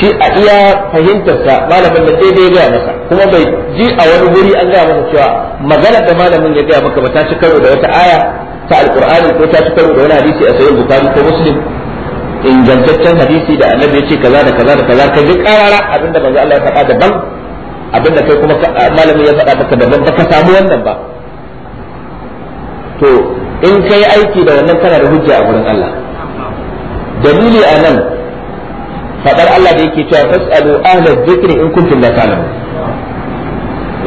shi a iya fahimtarsa malamin da daidai gaya masa kuma bai ji a wani wuri an gaya masa cewa magana da malamin ya gaya maka ba ta ci karo da wata aya ta alkur'ani ko ta ci karo da wani hadisi a sahih bukhari ko muslim ingantaccen hadisi da annabi ya ce kaza da kaza da kaza ka ji karara abinda manzo Allah ya faɗa daban abinda kai kuma malamin ya faɗa maka daban ka samu wannan ba to in kai aiki da wannan kana da hujja a gurin Allah dalili a nan fadar Allah da yake cewa fasalu ahla dhikri in kuntum la ta'lamun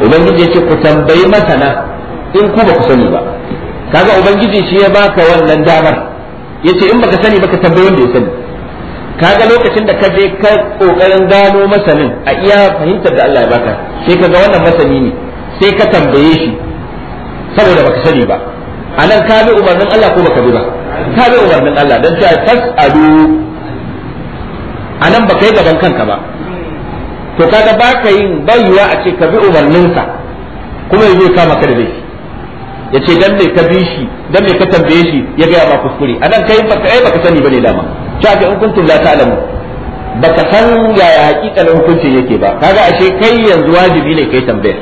ubangiji yace ku tambayi masana in ku ba ku sani ba kaga ubangiji shi ya baka wannan damar yace in baka sani baka tambayi wanda ya sani kaga lokacin da ka je ka kokarin gano masanin a iya fahimtar da Allah ya baka sai kaga wannan masani ne sai ka tambaye shi saboda baka sani ba anan ka bi umarnin Allah ko baka bi ba ka bi umarnin Allah dan cewa fasalu a nan ba kai gaban kanka ba to kaga ba ka yin bayuwa a ce ka bi umarninsa kuma ya kama ka da laifi ya ce dan me ka bi shi dan ka tambaye shi ya gaya ba kuskure a nan kai baka ai baka sani bane dama ta ga in kuntum la ta'lamu baka san yaya hakikalin hukuncin yake ba kaga ashe kai yanzu wajibi ne kai tambayar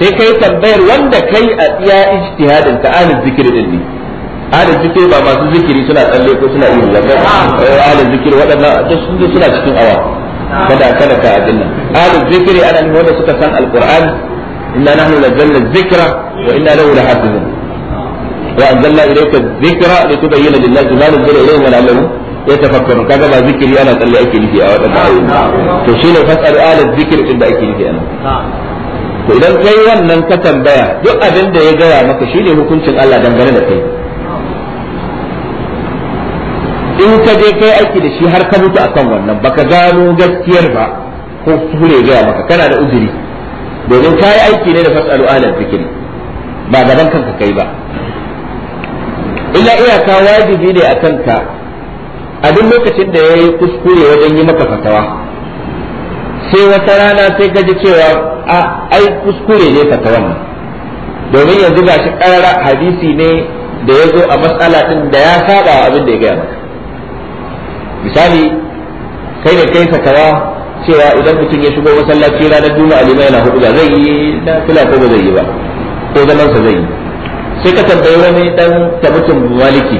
sai kai tambayar wanda kai a iya ijtihadin ta alif zikri din ne ahalin zikiri ba masu zikiri suna tsalle ko suna iya zaka eh, ahalin zikiri waɗannan duk sun suna cikin awa kada kada ka abin nan ahalin zikiri ana ne wanda suka san alqur'ani inna nahnu nazzalna dhikra wa inna lahu lahafizun wa anzalna ilayka dhikra litubayyana lin-nasi ma nuzila ilayhim wa la'allahum yatafakkarun kaga ba zikiri ana tsalle ake nufi a waɗannan ayoyi to shine fasal ahalin zikiri din da ake nufi anan to idan kai wannan ka tambaya duk abin da ya gaya maka shine hukuncin Allah dangane da kai in ka je kai aiki da shi har ka mutu akan wannan baka gano gaskiyar ba ko kure gaya maka kana da uzuri domin ka yi aiki ne da fasalu ala zikiri ba gaban kanka kai ba illa iyaka wajibi ne a kanka a duk lokacin da yayi kuskure wajen yi maka fatawa sai wata rana sai ka ji cewa a ai kuskure ne fatawan nan domin yanzu gashi karara hadisi ne da ya zo a matsala din da ya saba abin da ya gaya maka misali kai da kai fatawa cewa idan mutum ya shigo masallaci ranar juma'a limai yana hudu zai yi na fila ko ba zai yi ba ko zaman sa zai yi sai ka tambayi wani dan ta mutum maliki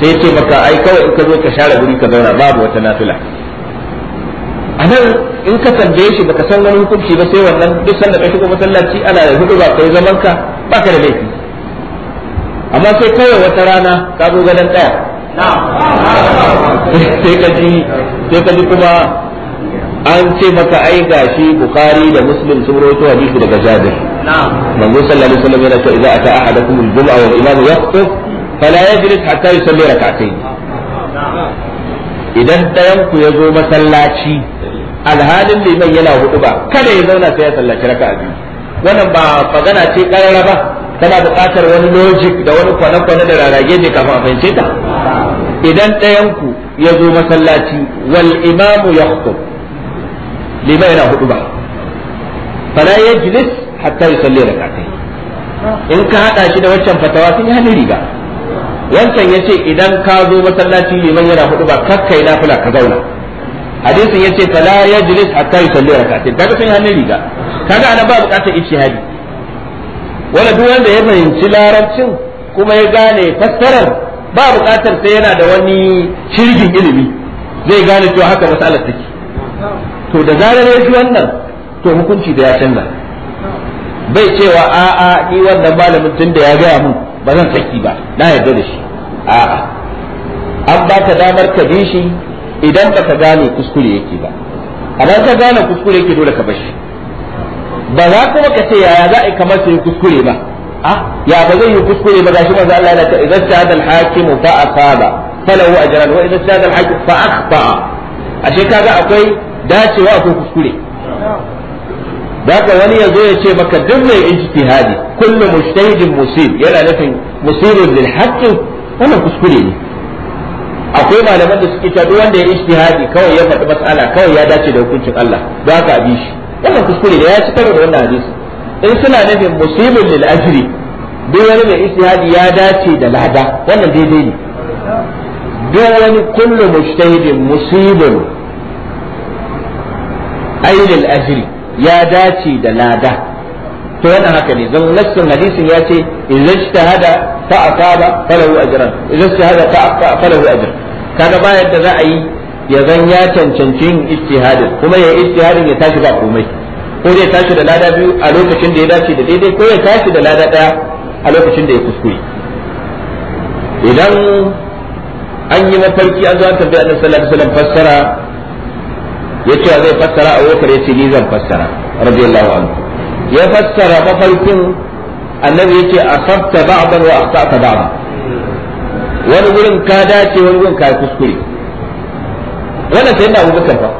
sai ce maka ai kawai in ka zo ka share guri ka zauna babu wata nafila a nan in ka tambaye shi baka san wani hukunci ba sai wannan duk sanda ka shigo masallaci ana da hudu ba kai zaman ka baka da laifi amma sai kawai wata rana ka zo gadon daya sai ka ji kuma an ce maka ai gashi bukari da muslim sun rawaito hadisi daga jabir manzo sallallahu alaihi wasallam yana cewa idza ata ahadakum al-jum'a wa al-imam ya fala yajlis hatta yusalli rak'atayn idan dayan ku yazo masallaci alhalin liman yana ba, kada ya zauna sai ya sallaci raka'a biyu wannan ba magana ce karara ba tana buƙatar wani logic da wani kwana-kwana da rarage ne kafin a fahimce ta idan ɗayanku ya zo masallaci wal imamu ya hukum, lima yana hudu ba fara ya jilis hatta ya salli da in ka haɗa shi da waccan fatawa sun yi hannun riga wancan ya ce idan ka zo masallaci liman yana hudu ba kakka na fula ka zauna hadisin ya ce fara ya jilis hatta ya salli da kakai kaga sun yi hannun riga kaga ana ba bukatar hadi wanda duk wanda ya fahimci larabcin kuma ya gane fassarar ba buƙatar sai yana da wani shirgin ilimi zai gane cewa haka matsalar take to da zarar ya ji wannan to hukunci da ya canza bai cewa a ni wannan malamin tun da ya gaya mun ba zan saki ba na yarda da shi a'a an ba ka damar ka bi shi idan ba ka gane kuskure yake ba A amma ka gane kuskure yake dole ka bashi. shi ba za kuma ka ce yaya za a yi kamar sai kuskure ba Ah, ya ba zai yi kuskure ba gashi manzo Allah yana ta idan shahada al-hakim fa asaba falahu ajran wa idan shahada al-hakim fa akhta ashe kaga akwai dacewa akwai kuskure haka wani ya zo ya ce maka duk mai ijtihadi kullu mujtahidin musib yana nufin musibun lil haqqi wannan kuskure ne akwai malamai da suke ta duk wanda ya ijtihadi kawai ya faɗi kawai ya dace da hukuncin Allah a wannan kuskure ne ya ci wannan hadisi in suna nufin musibin lil ajri duk wani mai ijtihadi ya dace da lada wannan daidai ne duk wani kullu mujtahidin musibin ay ajri ya dace da lada to wannan haka ne zan nassin hadisin ya ce idan ijtihada fa asaba falahu ajran idan ijtihada fa asaba falahu ajran kaga ba yadda za a yi ya zan ya cancanci yin ijtihadin kuma ya ijtihadin ya tashi ba komai ko zai tashi da lada biyu a lokacin da ya dace da daidai ko ya tashi da lada daya a lokacin da ya kuskure idan an yi mafarki an zo an tambaye annabi sallallahu alaihi wasallam fassara ya ce zai fassara a wakar ya ce ni zan fassara radiyallahu anhu ya fassara mafarkin annabi ya ce asabta ba'dan wa akhta'ta ba'dan wani gurin ka dace wani gurin ka kuskure wannan sai na abubakar fa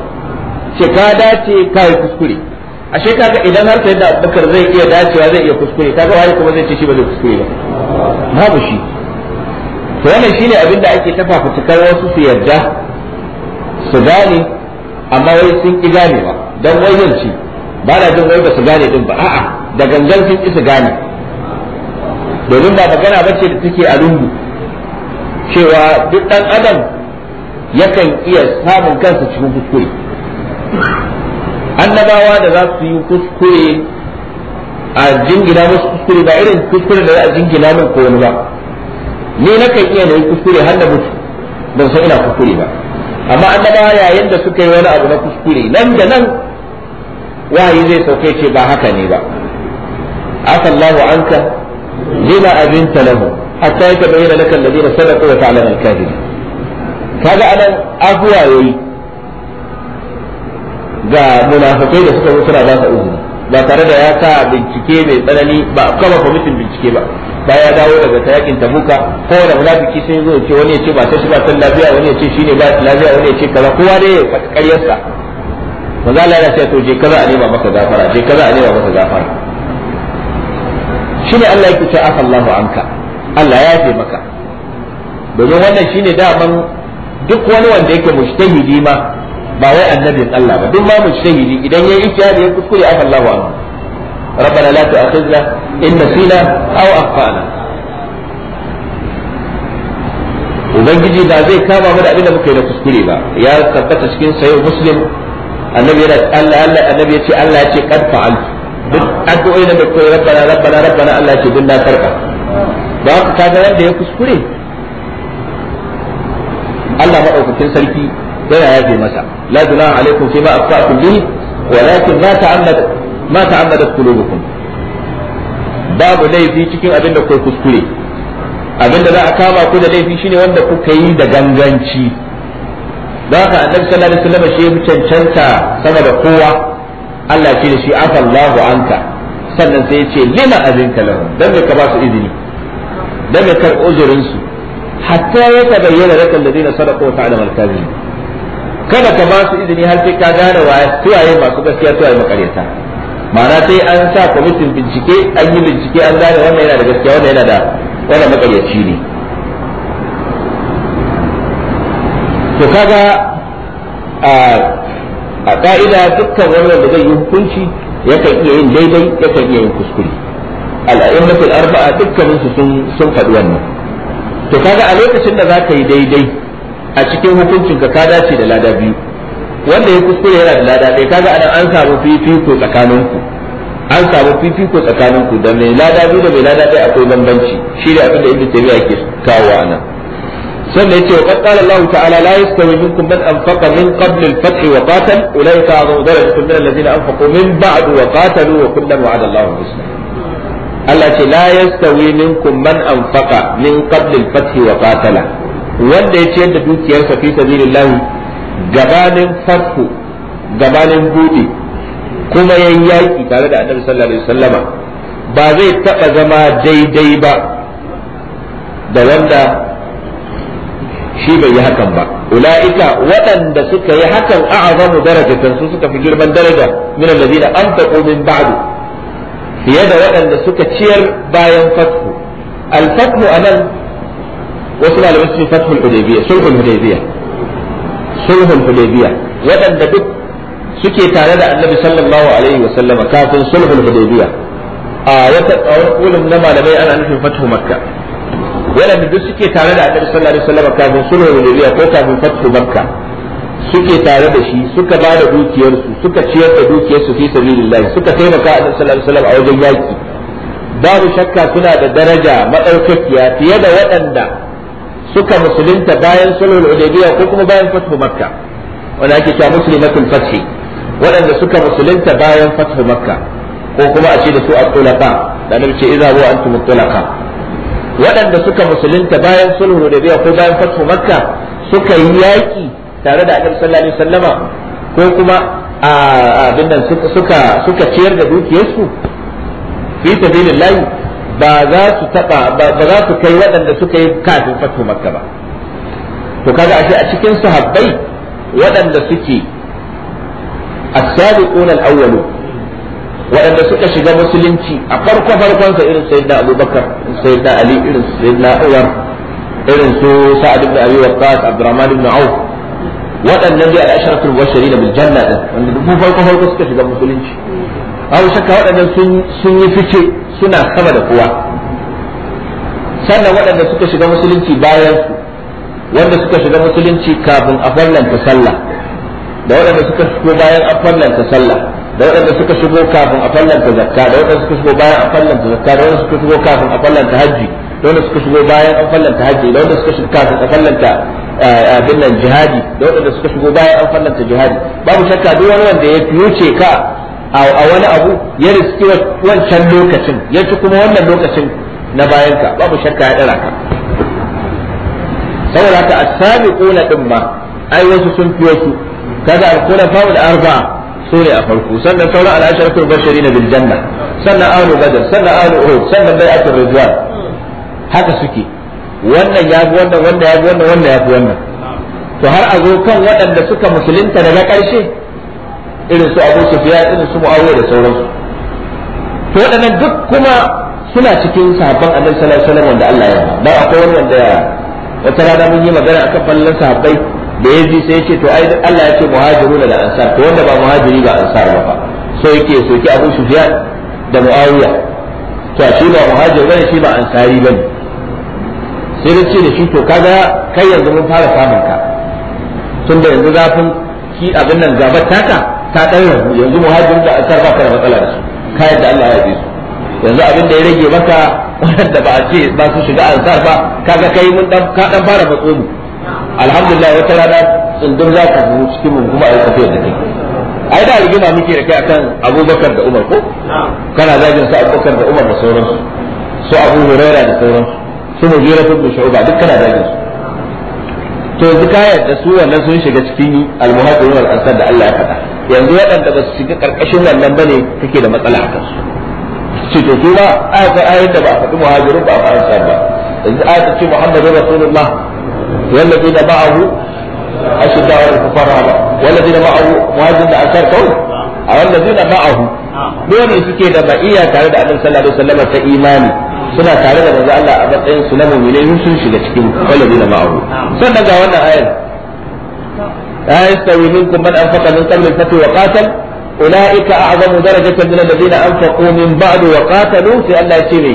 ce ka dace ka kuskure ashe kaga idan har sai da bakar zai iya dacewa zai iya kuskure kaga wani kuma zai ce shi ba zai kuskure ba babu shi to wannan shine abin da ake tafa fitukar wasu su yarda su gane amma wai sun ki gane ba dan wayan ci ba na jin wai ba su gane din ba a'a da gangan sun ki su gane domin ba magana bace da take a rungu cewa duk dan adam yakan iya samun kansa cikin kuskure annabawa da za su yi kuskure a jingina musu kuskure ba irin kuskure da za a jingina min ko wani ba ni na kan iya nayi kuskure har da mutu ban san ina kuskure ba amma annabawa yayin da suka yi wani abu na kuskure nan da nan wahayi zai sauke ce ba haka ne ba عفى الله عنك لما أذنت له حتى يتبين لك الذين صدقوا وتعلم الكاذبين kaga anan abuwa yayi ga munafikai da suka zo suna ba su izini ba tare da ya sa bincike mai tsanani ba kama kwamitin bincike ba ba ya dawo daga ta yakin tabuka ko da munafiki sun zo ce wani ya ce ba ta shi ba san lafiya wani ya ce shine ba lafiya wani ya ce kaza kowa ne ya faɗi ƙaryarsa maza Allah ya ce to je kaza a nema maka gafara je kaza a nema maka gafara shine Allah yake ce afa Allahu anka Allah ya ce maka domin wannan shine daman duk wani wanda yake mujtahidi ma ba wai annabin Allah ba duk ma mujtahidi idan yayi ijtihadi ya kuskure aka Allah wa rabbana la tu'akhidna in nasina aw akhtana ubangiji ba zai kama mu da abin da muka yi na kuskure ba ya tabbata cikin sahih muslim annabi yana Allah Allah annabi ya ce Allah ya ce qad fa'altu duk addu'o'i da kai rabbana rabbana rabbana Allah ya ce duk karba ba ka ga yadda ya kuskure Allah madaukakin sarki yana yafe masa la junaha alaikum fi ma afqatum bihi walakin ma ta'ammad ma ta'ammadat qulubukum babu laifi cikin abin da kai kuskure abin da za a kama ku da laifi shine wanda kuka yi da ganganci don haka annabi sallallahu alaihi wasallam cancanta sama da kowa Allah shi da shi afallahu anka sannan sai ya ce lima azinka lahu dan me ka ba izini dan karba uzurin su hatta ya tabayyana lakal ladina sadaqu wa kada ka ba su izini har sai ka gane waye suwaye masu gaskiya tuwaye makaryata ma'ana sai an sa kwamitin bincike an yi bincike an gane wannan yana da gaskiya wannan yana da wanda makaryaci ne to kaga a ka'ida dukkan wannan da zai yi hukunci ya kan iya yin daidai ya kan iya yin kuskure al'ayyamatul arba'a dukkaninsu sun sun faɗi wannan to kaga a lokacin da za ka yi daidai a cikin hukuncinka ka dace da lada biyu wanda ya kuskure yana da lada ɗaya kaga ana an samu fifiko tsakaninku an samu fifiko tsakaninku da mai lada biyu da mai lada ɗaya akwai bambanci shi ne abin da ibnu taymiya yake kawo anan sannan yace wa qad qala Allah ta'ala la yastawi minkum man anfaqa min qabl al-fath wa qatal ulaika a'zamu darajatan min alladhina anfaqu min ba'd wa qatalu wa kullan wa'ada Allahu al-husna Allah ce la yastawi minkum man anfaqa min qabl al-fath wa qatala wanda ya ciyar da dukiyarsa fi sabilillahi gabanin farko gabanin buɗe kuma yayi yaƙi tare da annabi sallallahu alaihi wasallama ba zai taɓa zama daidai ba da wanda shi bai yi hakan ba ula'ika waɗanda suka yi hakan a'azamu darajatan su suka fi girman daraja min allazina anfaqu min ba'du fiye da waɗanda suka ciyar bayan fatku al-fatku anan wasu malamai su ce fathul hudaybiya sulhul hudaybiya sulhul hudaybiya waɗanda duk suke tare da annabi sallallahu alaihi wa sallama kafin sulhul hudaybiya a wata tsawon ulum na malamai ana nufin fathu makka waɗanda duk suke tare da annabi sallallahu alaihi wa sallama kafin sulhul hudaybiya ko kafin fathu makka suke tare da shi suka ba da dukiyarsu suka ciyar da dukiyarsu fi sabilillah suka taimaka annabi sallallahu alaihi wa sallam a wajen yaki babu shakka suna da daraja madaukakiya fiye da waɗanda suka musulunta bayan sulhul hudaybiya ko kuma bayan fathu makka wanda ake cewa muslimatul fathi waɗanda suka musulunta bayan fathu makka ko kuma a ce da su at-tulaqa da annabi ce idza huwa antum at-tulaqa waɗanda suka musulunta bayan sulhul hudaybiya ko bayan fathu makka suka yi yaki tare da annabi sallallahu alaihi wasallama ko kuma abin nan suka suka ciyar da dukiyarsu fi sabilillahi ba za su taba ba za su kai waɗanda suka yi kafin fatu makka ba to kaga ashe a cikin sahabbai waɗanda suke as-sabiquna al-awwalu waɗanda suka shiga musulunci a farko farkon sa irin sayyidina Abubakar sayyidina Ali irin sayyidina Umar irin su Sa'ad ibn Abi Waqqas Abdurrahman ibn Auf waɗannan dai al-asharatul mubashirin bil janna din wanda duk farko farko suka shiga musulunci babu shakka waɗannan sun yi fice suna sama da kowa sannan waɗanda suka shiga musulunci bayan su wanda suka shiga musulunci kafin a fallanta sallah da waɗanda suka shigo bayan a fallanta sallah da waɗanda suka shigo kafin a fallanta zakka da waɗanda suka shigo bayan a fallanta zakka da waɗanda suka shigo kafin a fallanta hajji da waɗanda suka shigo bayan a fallanta hajji da waɗanda suka shigo kafin a fallanta eh, abin nan jihadi da waɗanda suka shigo bayan an fallanta jihadi babu shakka duk wani wanda ya fiye ka a wani abu ya riski wancan lokacin ya ci kuma wannan lokacin na bayanka babu shakka ya dara ka saboda ka as kula din ma ai wasu sun fiye su kaga al fa'ul arba arba'a ne a farko sannan sauran al-asharatul bashirin bil janna sannan ahlu badr sannan ahlu uhud sannan ake ridwan haka suke wannan ya bi wannan wannan ya bi wannan wannan ya bi wannan to har a zo kan waɗanda suka musulunta daga ƙarshe irin su Abu Sufyan irin su Muawiya da sauransu to waɗannan duk kuma suna cikin sahabban Annabi sallallahu alaihi wasallam wanda Allah ya ba akwai wani wanda wata rana mun yi magana akan fallan sahabbai da ya ji sai ya ce to ai Allah ya ce muhajiruna da ansar to wanda ba muhajiri ba ansar ba so yake soki Abu Sufyan da Muawiya to shi ba muhajir bane shi ba ansari bane sai da ce da shi to kaga kai yanzu mun fara samun ka tunda yanzu zafin ki abin nan gabar taka ka dan yanzu yanzu muhajirin da ansar ba ka da matsala da su ka yadda Allah ya yi su yanzu abin da ya rage maka wanda ba a ce ba su shiga ansar ba kaga kai mun dan ka dan fara matso mu alhamdulillah wata rana tsundum za ka zuwa cikin mun kuma a yi tafiyar da kai ai da rigima muke rake kai akan abubakar da umar ko kana zagin su abubakar da umar da sauransu su abu huraira da sauransu su mujira ibn shu'ba duk kana zagin su to yanzu ka yarda su wannan sun shiga cikin almuhajirin wal ansar da Allah ya faɗa yanzu waɗanda ba su shiga karkashin wannan bane kake da matsala akan su ce to kuma a ga ayat da ba a faɗi muhajirin ba a ansar ba yanzu ayat ce muhammadur rasulullah والذين معه أشداء على الكفار والذين معه مهاجرين أنصار قوي أو الذين معه دون سكي دمائية تعالى da صلى الله عليه وسلم في imani. suna tare da manzo Allah a matsayin su na mu'minai sun shiga cikin walladina ma'ahu sannan ga wannan ayar la yastawi minkum man anfaqa min qabli al-fath wa qatal ulaika a'zamu darajatan min alladhina anfaqu min ba'd wa qatalu sai Allah ya ne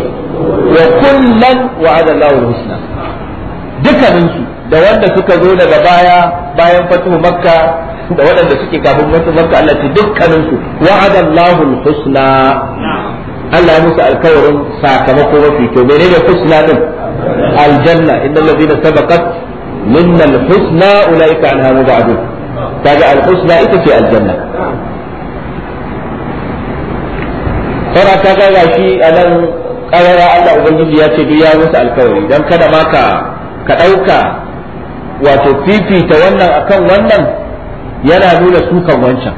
wa kullan wa'ada Allahu al-husna dukkaninsu da wanda suka zo daga baya bayan fatuhu makka da waɗanda suke kafin mutu makka Allah ce dukkaninsu wa'ada Allahu husna Allah ya musu alkawarin sakamako mafi kyau menene husna din aljanna innal ladina sabaqat minna alhusna ulaika anha mubadun kaga alhusna ita ce aljanna Kora ta ga gashi a nan karara Allah ubangiji ya ce duk ya musu alkawari dan kada ma ka ka ɗauka wato fifita wannan akan wannan yana nuna sukan wancan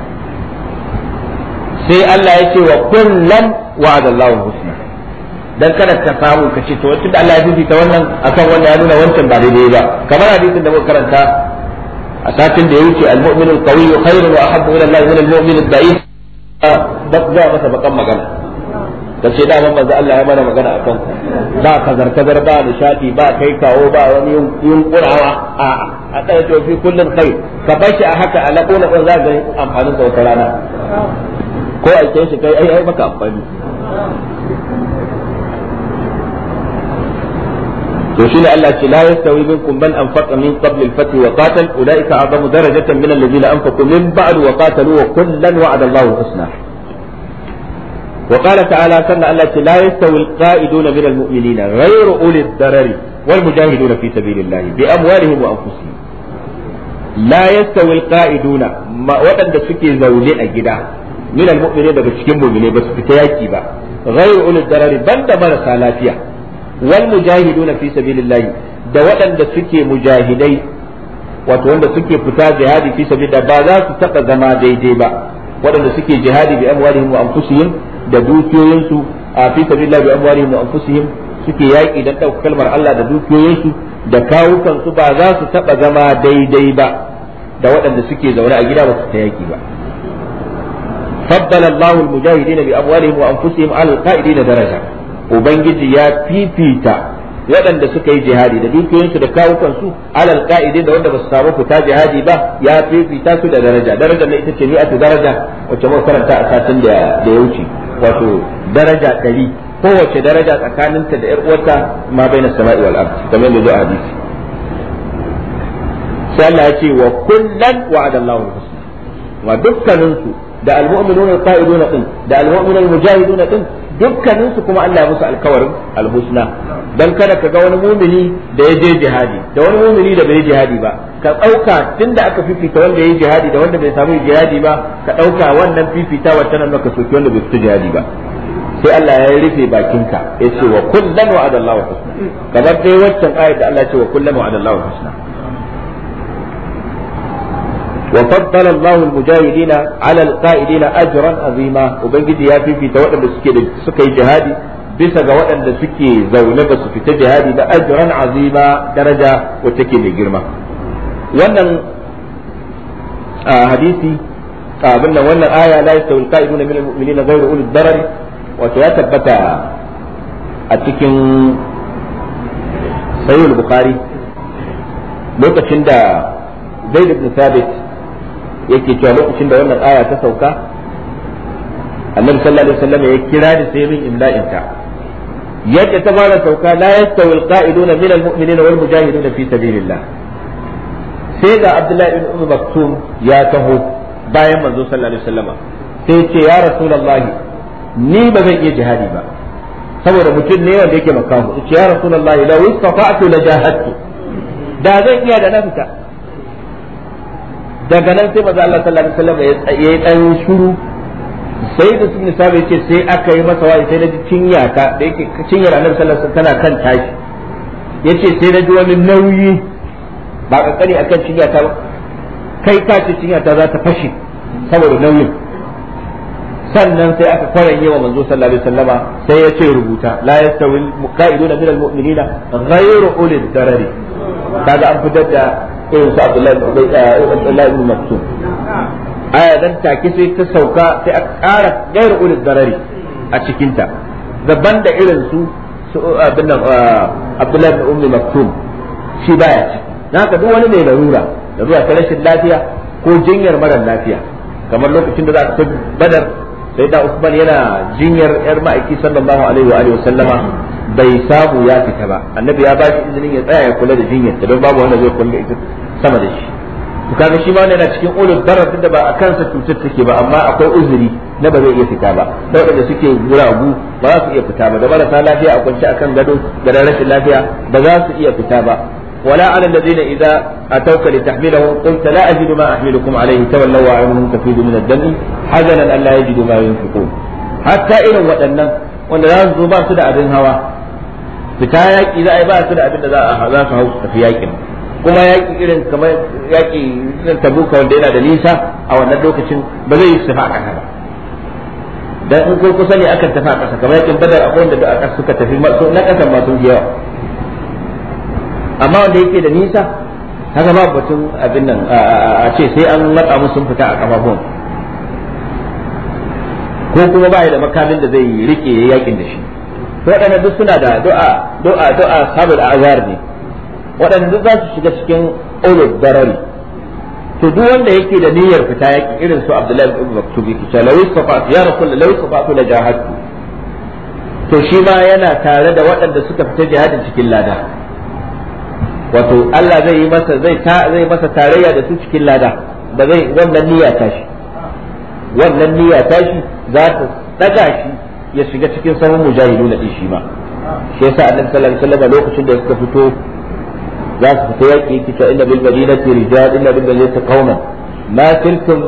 sai Allah ya ce wa kullum wa'ada Allahu husna dan kada ka samu ka ce to tunda Allah ya ta wannan akan wannan ya nuna wancan ba daidai ba kamar hadisin da muka karanta a satin da ya wuce al-mu'min al-qawi khairun wa ahabbu ila Allah min al-mu'min ad-da'if ba masa bakan magana da ce da manzo Allah ya mana magana akan ba kazar kazar ba nishadi ba kai kawo ba wani yunkurawa a a tsaya to fi kullun khair ka bashi a haka alaquna ban za ga amfanin sa wata rana ko aike shi kai ai ai maka amfani to shine Allah ce la yastawi minkum man anfaqa min qabl al-fath wa qatal ulaika a'zamu darajatan min alladhina anfaqu min ba'd wa qatalu wa kullan wa'ada Allahu husna wa qala ta'ala sanna Allah ce al-husna وقال تعالى سنة التي لا يستوي القائدون من المؤمنين غير أولي الضرر والمجاهدون في سبيل الله بأموالهم وأنفسهم لا يستوي القائدون ما ودن سكي زولي أجدا min almu'mini daga cikin mu'mini ba su fita yaki ba ghayru ulul darari banda marasa lafiya wal mujahiduna fi sabilillahi da waɗanda suke mujahidai wato wanda suke fita jihadi fi sabilillah ba za su taba zama daidai ba waɗanda suke jihadi bi amwalihim wa anfusihim da dukiyoyinsu a fi sabilillah bi amwalihim wa anfusihim suke yaƙi don ɗauka kalmar Allah da dukiyoyinsu da kawukansu ba za su taɓa zama daidai ba da waɗanda suke zaune a gida ba su ta yaƙi ba faddala Allahu al-mujahidin bi amwalihim wa anfusihim ala al-qa'idin daraja ubangiji ya fifita waɗanda suka yi jihadi da dukiyoyinsu da kawukansu alal ka'idin da wanda ba su samu fita jihadi ba ya fifita su da daraja daraja na ita ce mi'atu daraja wacce mun karanta a satin da ya wuce wato daraja ɗari kowace daraja tsakaninta da 'yar uwarta ma baina sama'i wal ard kamar da zuwa hadisi sai Allah ya ce wa kullan wa'ada Allahu wa dukkaninsu da almu'minuna alqa'iduna din da almu'minuna almujahiduna din dukkanin su kuma Allah ya musu alkawarin alhusna dan kada ka ga wani mumini da ya je jihadi da wani mumini da bai jihadi ba ka dauka tunda aka fifita wanda ya yi jihadi da wanda bai samu jihadi ba ka dauka wannan fifita wacce nan ka soki wanda bai fita jihadi ba sai Allah ya rufe bakinka ya ce wa kullan wa'adallahu husna kamar dai waccan ayat da Allah ya ce wa kullan wa'adallahu husna وفضل الله المجاهدين على القائدين اجرا عظيما وبنجي يا في في تودن سكي سكي جهادي bisa ga waɗanda suke zaune ba su fita jihadi da ajran azima daraja wacce ke mai girma wannan hadisi abin nan wannan aya la yastawi alqa'iduna min almu'minina ghayru darar wato ya tabbata a cikin sahih bukhari lokacin da zaid ibn thabit yake cewa lokacin da wannan aya ta sauka annabi sallallahu alaihi wasallam ya kira da sai min imla'in ta yadda ta fara sauka la yastawi alqa'iduna min almu'minina wal mujahiduna fi sabilillah sai ga abdullahi ibn umar maktum ya taho bayan manzo sallallahu alaihi wasallama sai ce ya rasulullahi ni ba zan iya jihadi ba saboda mutum ne wanda yake makahu ce ya rasulullahi la wastata'tu la jahadtu da zan iya da na fita daga nan sai maza Allah sallallahu alaihi wasallam ya yi dan shuru sai da sun sabai ce sai aka yi masa wa'i sai na ji cinya ta da yake cinyar annabi sallallahu alaihi wasallam tana kan tashi yace sai na ji wani nauyi ba kankani akan cinya ta kai ka ce cinya ta za ta fashe saboda nauyin sannan sai aka kwaranye wa manzo sallallahu alaihi wasallama sai ya ce rubuta la yastawil al-muqaiduna min al-mu'minina ghayru ulil darari kaga an fitar da irin su Abdullahi ibn eh, Abdullahi ibn Maktum aya dan take sai ta sauka sai a ƙara gair ulil darari a cikinta. ta da irin su abin nan eh, Abdullahi ibn Ummi Maktum shi baya ci haka duk wani mai larura larura ta rashin lafiya ko jinyar mara lafiya kamar lokacin da za a tafi badar sai da Usman yana jinyar yar ma'aiki sallallahu alaihi wa alihi wa sallama bai samu ya fita ba annabi ya ba shi izinin ya tsaya ya kula da jinyarsa don babu wanda zai kulle ita sama da shi to kaga shi ma wannan yana cikin ulul darar da ba a kansa cutar take ba amma akwai uzuri na ba zai iya fita ba saboda suke guragu ba za su iya fita ba da marasa lafiya a kwance akan gado da rashin lafiya ba za su iya fita ba ولا على الذين إذا أتوك لتحملهم قلت لا أجد ما أحملكم عليه تولوا وعينهم تفيض من الدم حزنا ألا يجدوا ما ينفقون حتى إن ودنا wanda za su zo ba su da abin hawa fita yaƙi za a yi ba su da abin da za a su hau su tafi yaƙin kuma yaƙi irin kamar yaƙi irin tabuka wanda yana da nisa a wannan lokacin ba zai yi su tafi a ƙasa ba dan in kai kusa ne akan tafi a ƙasa kamar yaƙin badar akwai wanda da aka suka tafi na ƙasa ma sun yawa amma wanda yake da nisa haka ba batun abin nan a ce sai an matsa musu fita a ƙafafuwan ko kuma ba ya da makamin da zai rike ya yakin da shi waɗannan duk suna da du'a du'a du'a sabul azhar ne waɗanda duk za su shiga cikin ulul darari to duk wanda yake da niyyar fita yaki irin su Abdullahi ibn Maktubi ki ce lawi safatu ya rasul lawi safatu la jahadtu to shi ma yana tare da waɗanda suka fita jihadin cikin lada wato Allah zai yi masa zai ta zai masa tarayya da su cikin lada da zai wannan niyya ta shi wannan niyya ta shi za ta daga shi ya shiga cikin sahun mujahidu na shi ma shi yasa annabi sallallahu alaihi wasallam lokacin da suka fito za su fita yaki yake cewa inna bil madinati rijal inna bil madinati qauman ma tilkum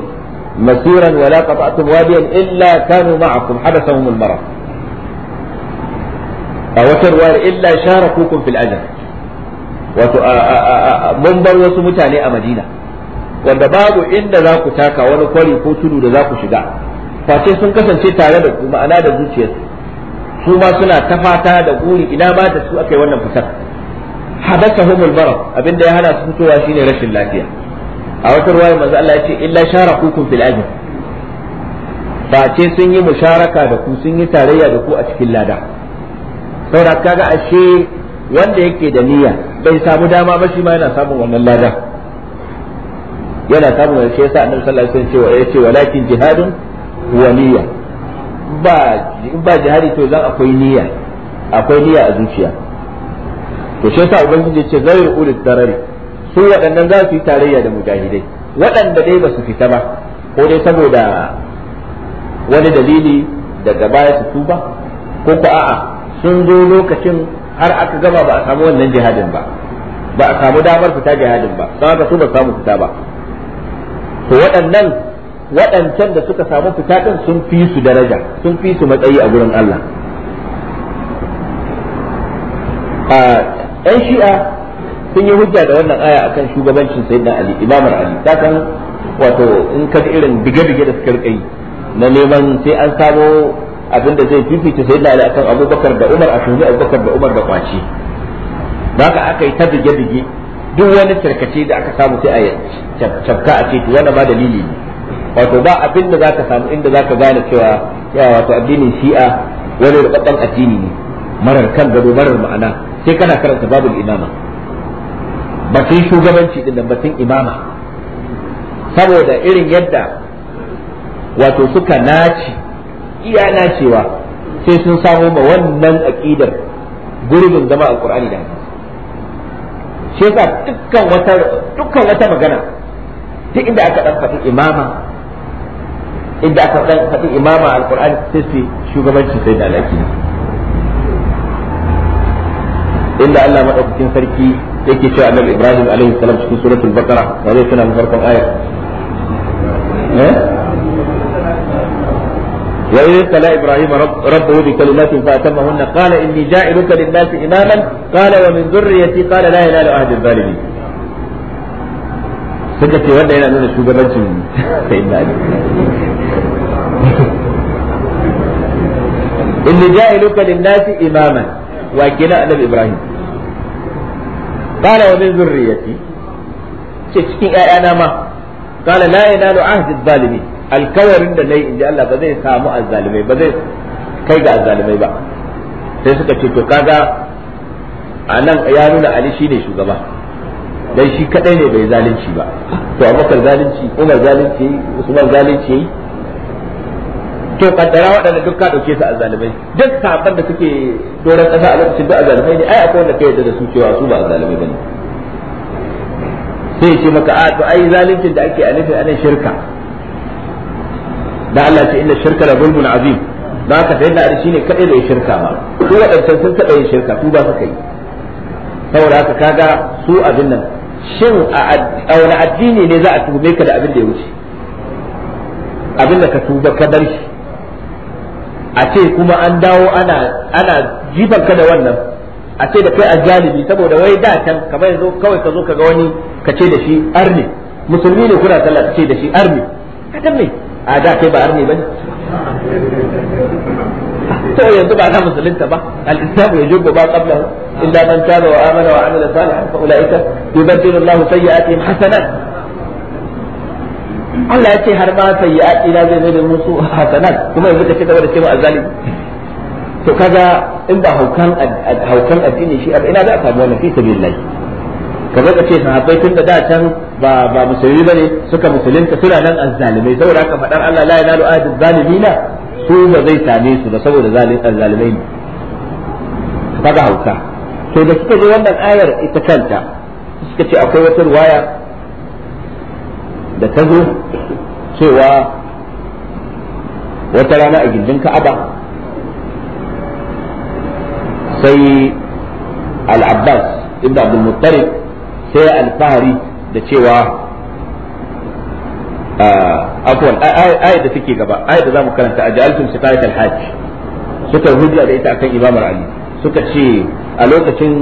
masiran wala qata'tum wadiyan illa kanu ma'akum hadasahum al marad a wata ruwayar illa sharakukum fil ajr wato mun bar wasu mutane a madina wanda babu inda za ku taka wani kwari ko tudu da za ku shiga face sun kasance tare da ma'ana da zuciyar su ma suna ta da guri ina ba da su yi wannan fitar humul al abin abinda ya hana su fitowa shine rashin lafiya a wata ruwaya manzo Allah ya ce illa sharakukum fil ajr ba ce sun yi musharaka da ku sun yi tarayya da ku a cikin lada saboda kaga ashe wanda yake da niyya bai samu dama ba shi ma yana samun wannan lada yana samun shi yasa annabi sallallahu alaihi wasallam ya ce walakin jihadun Waliya ba ba jihadi to zan akwai niyya akwai niyya a zuciya to shi yasa ubangiji ce zai uri darari su waɗannan za su yi tarayya da mujahidai waɗanda dai ba su fita ba ko dai saboda wani dalili daga baya su tuba ko ko a'a sun zo lokacin har aka gama ba a samu wannan jihadin ba ba a samu damar fita jihadin ba don haka su ba samu fita ba to waɗannan waɗancan da suka samu fita sun fi su daraja sun fi su matsayi a gurin Allah a ɗan shi'a sun yi hujja da wannan aya akan shugabancin sayyidina ali imamar ali ta san wato in ka irin bige-bige da suka rikai na neman sai an samo abin da zai fifita sayyidina ali akan abubakar da umar a shugaba abubakar da umar da kwaci haka aka yi ta bige-bige duk wani tarkace da aka samu sai a yi a ce tuwa wannan ba dalili ne wato ba abin da zaka samu inda zaka gane cewa ya wato addinin shi'a wani rubabban addini ne marar kan gado marar ma'ana sai kana karanta babul imama batun shugabanci din nan batun imama saboda irin yadda wato suka naci iya nacewa sai sun samo ma wannan aqidar gurbin zama alqur'ani da hadisi shi yasa dukkan wata dukkan wata magana duk inda aka dan imama inda aka faɗi imama alqur'ani sai su shugabanci sai da alaki inda Allah madaukakin sarki yake cewa annabi Ibrahim alaihi salam cikin suratul baqara wa zai tuna farkon ayar eh wa idh qala ibrahim rabbuhu bi kalimatin fa atammahunna qala inni ja'iluka lin-nasi imaman qala wa min dhurriyyati qala la ilaha illa ahad adh-dhalimin suka ce wanda yana nuna shugabancin *laughs* sayyidina ali inni ja'iluka lin-nasi imaman wa kina annabi ibrahim qala wa min zurriyati ce cikin 'ya'yana ma qala la yanalu ahdi zalimi alkawarin da nayi inda Allah ba zai samu azzalimai ba zai kai ga azzalimai ba sai suka ce to kaga anan ya nuna ali shine shugaba dan shi kadai ne bai zalunci ba to abubakar zalunci umar zalunci usman zalunci to kaddara waɗanda duk ka dauke su zalumai. duk sahabban da suke doran kasa a lokacin da zalumai ne ai akwai wanda yarda da su cewa su ba a azzalimai bane sai ce maka a to ai zaluncin da ake nufin ana shirka da Allah ce inna shirka da zulmun azim da haka sai da shi ne kaɗai da shirka ma. su waɗancan sun yin shirka su ba su kai saboda haka kaga su abin nan shin a wani addini ne za a tuhume ka da abin da ya wuce abin da ka tuba ka bar shi a ce kuma an dawo ana jifan ka da wannan a ce da kai a azzalimi saboda wai da can kamar yanzu kawai ka zo ka ga wani ka ce da shi arni musulmi ne kuna sallah ka ce da shi arni kadan ne a da kai ba arni bane to yanzu ba na musulunta ba al-islam yajubu ba qabla illa man taba wa amana wa amila salihan fa ulaika yubaddilu Allahu sayyi'atihim hasanat Allah ya ce har ma sayyi'ati na zai da musu hasanat kuma yanzu ka ci gaba da cewa azzalimi to kaga in ba haukan haukan addini shi ina za a samu wannan fi sabilillah kamar ka ce sahabbai tun da da can ba ba musulmi bane suka musulunta suna nan azzalimai saboda haka fadar Allah la yanalu ahadu zalimina su ba zai same su ba saboda zalimai ne kaga hauka to da suka je wannan ayar ita kanta suka ce akwai wata riwaya da ta zo cewa wata rana a gindin ka'aba sai al-abbas ibn abdul muttalib sai alfahari da cewa afwan ayat da take gaba ayat da mu karanta a su siqayat al-hajj suka hujja da ita akan imamar ali suka ce a lokacin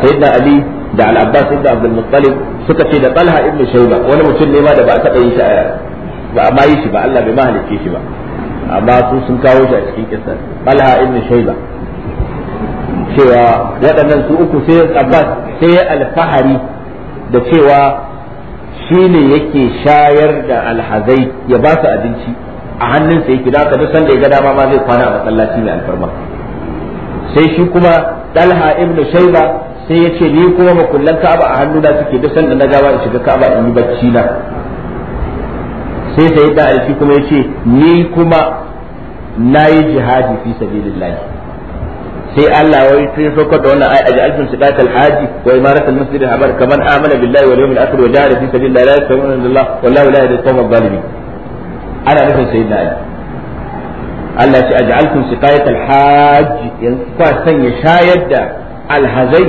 sayyidina ali da alabbas abbas ibn abdul muttalib suka ce da talha ibn shayba wani mutum ne ma da ba a taba yi shi ba a yi shi ba Allah bai mahalicce shi ba amma su sun kawo shi a cikin kissa talha ibn shayba cewa waɗannan su uku sai abbas sai alfahari da cewa shi ne yake shayar da alhazai ya ba su abinci a hannunsa yake da duk sanda ya ga dama ma zai kwana a masallaci mai alfarma sai shi kuma talha ibn shayba sai ya ce ni kuma makullan ka'aba a hannuna suke duk sanda na gaba in shiga ka'aba in yi bacci na sai sai da alfi kuma ya ce ni kuma na yi jihadi fi sabilillah sai Allah wai tun farko da wannan ai aji alfin sidatul haji wa imaratul masjid habar kaman amana billahi wal yawmil akhir wa jahada fi sabilillah la yastawuna illallah wallahu la yahdi al-qawma adh-dhalimin ana nufin sayyidina ali Allah ya ce aj'altum siqayatal hajj yanzu kwa sanya shayar da alhazai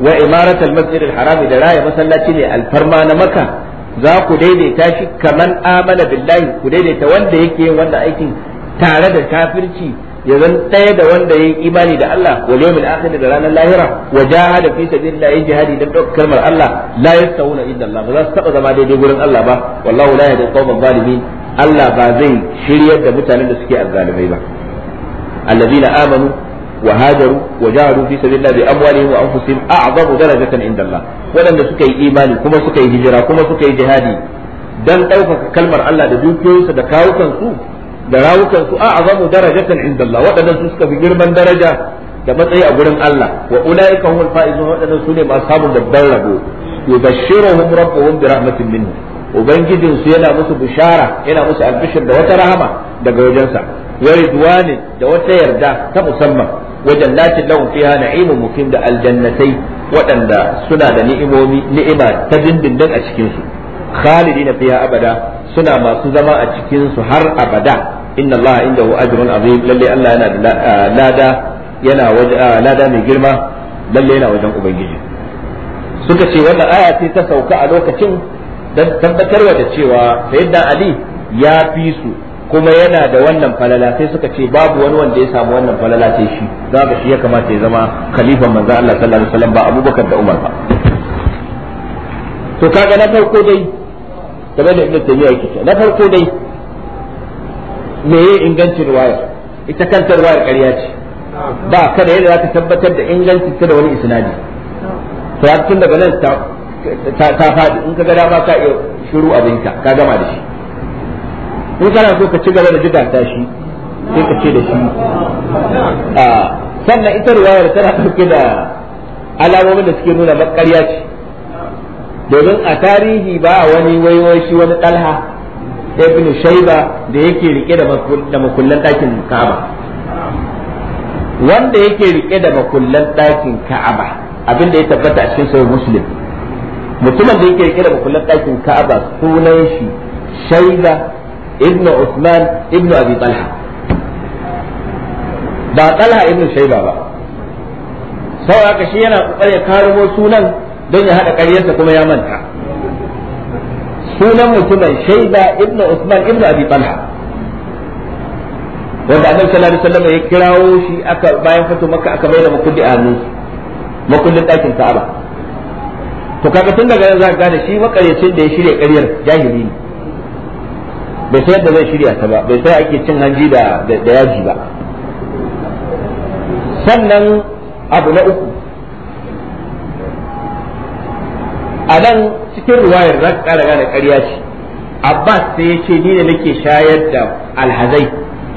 wa imaratul masjidil harami da raya masallaci ne alfarma na maka za ku daidaita shi kaman amana billahi ku daidaita wanda yake yin wannan aikin tare da kafirci ya zan ɗaya da wanda ya yi imani da Allah wal yawmil akhir da ranar lahira wa jahada fi sabilillah yin jihadi dan daukar kalmar Allah la yastawuna illa Allah ba za su taba zama daidai gurin Allah ba wallahu la yahdi qawman zalimin Allah ba zai shiryar da mutanen da suke azzalimai ba alladhina amanu wa hajaru wa jahadu fi sabilillah bi amwalihim wa anfusihim a'zamu darajatan inda waɗanda suka imani kuma suka hijira kuma suka yi jihadi dan ɗaukaka kalmar Allah da dukiyoyinsu da kawukan su da rawukan a'zamu darajatan inda Allah waɗannan su suka fi girman daraja da matsayi a gurin Allah wa ulaika humul faizun waɗannan su ne masu samun babban rabo yubashshiruhum rabbuhum bi rahmatin minhu ubangijinsu yana musu bishara yana musu albishir da wata rahama daga wajensa wa ridwani da wata yarda ta musamman Wajen jannatin lahum fiha na'imun da aljannatai waɗanda suna da ni'imomi ni'ima ta dindindin a cikinsu su khalidina fiha abada suna masu zama a cikinsu har abada inna Allah indahu ajrun azim lalle Allah yana da lada mai girma lallai yana wajen ubangiji suka ce wannan aya ce ta sauka a lokacin dan tabbatarwa da cewa sayyidina Ali ya fi su kuma yana da wannan falala sai suka ce babu wani wanda ya samu wannan falala sai shi za ka shi ya kamata ya zama khalifan manzo Allah sallallahu alaihi wasallam ba Abubakar da Umar ba to kaga na farko dai kamar da ibnu Taymiyyah yake na farko dai me meye ingancin riwaya ita kanta riwaya ƙarya ce ba ka yadda za ta tabbatar da ingancin ta da wani isnadi to tun daga nan ta faɗi in ka ga ba ka iya shiru abinka ka gama da shi in kana so ka ci gaba da ta shi sai ka ce da shi sannan ita riwayar tana ɗauke da alamomin da suke nuna makarya ce domin a tarihi ba wani waiwai shi wani ɗalha ibn shaiba da yake rike da makullan ɗakin ka'aba wanda yake rike da makullan ɗakin ka'aba abinda ya tabbata a cikin sahih muslim mutumin da yake rike da makullan ɗakin ka'aba sunan shi shaiba ابن عثمان ابن Abi طلحه ba Talha ibn Shayba ba aka shi yana kokarin karimo sunan don ya hada karyarsa kuma ya manta sunan mutumin Shayba ibn Usman, ibn Abi Talha wanda annabi sallallahu alaihi wasallam ya kirawo shi aka bayan fito maka aka bai da makulli a hannu, makullin ɗakin Ka'aba to kaga tun daga yanzu za ka shi makaryacin da ya shirya karyar, jahili ne bai sai yadda zai shirya ta ba bai sai ake cin hanji da da yaji ba sannan abu na uku a nan cikin ruwayar za ka ƙara gane ƙarya ce abbas sai ya ce ni ne nake shayar da alhazai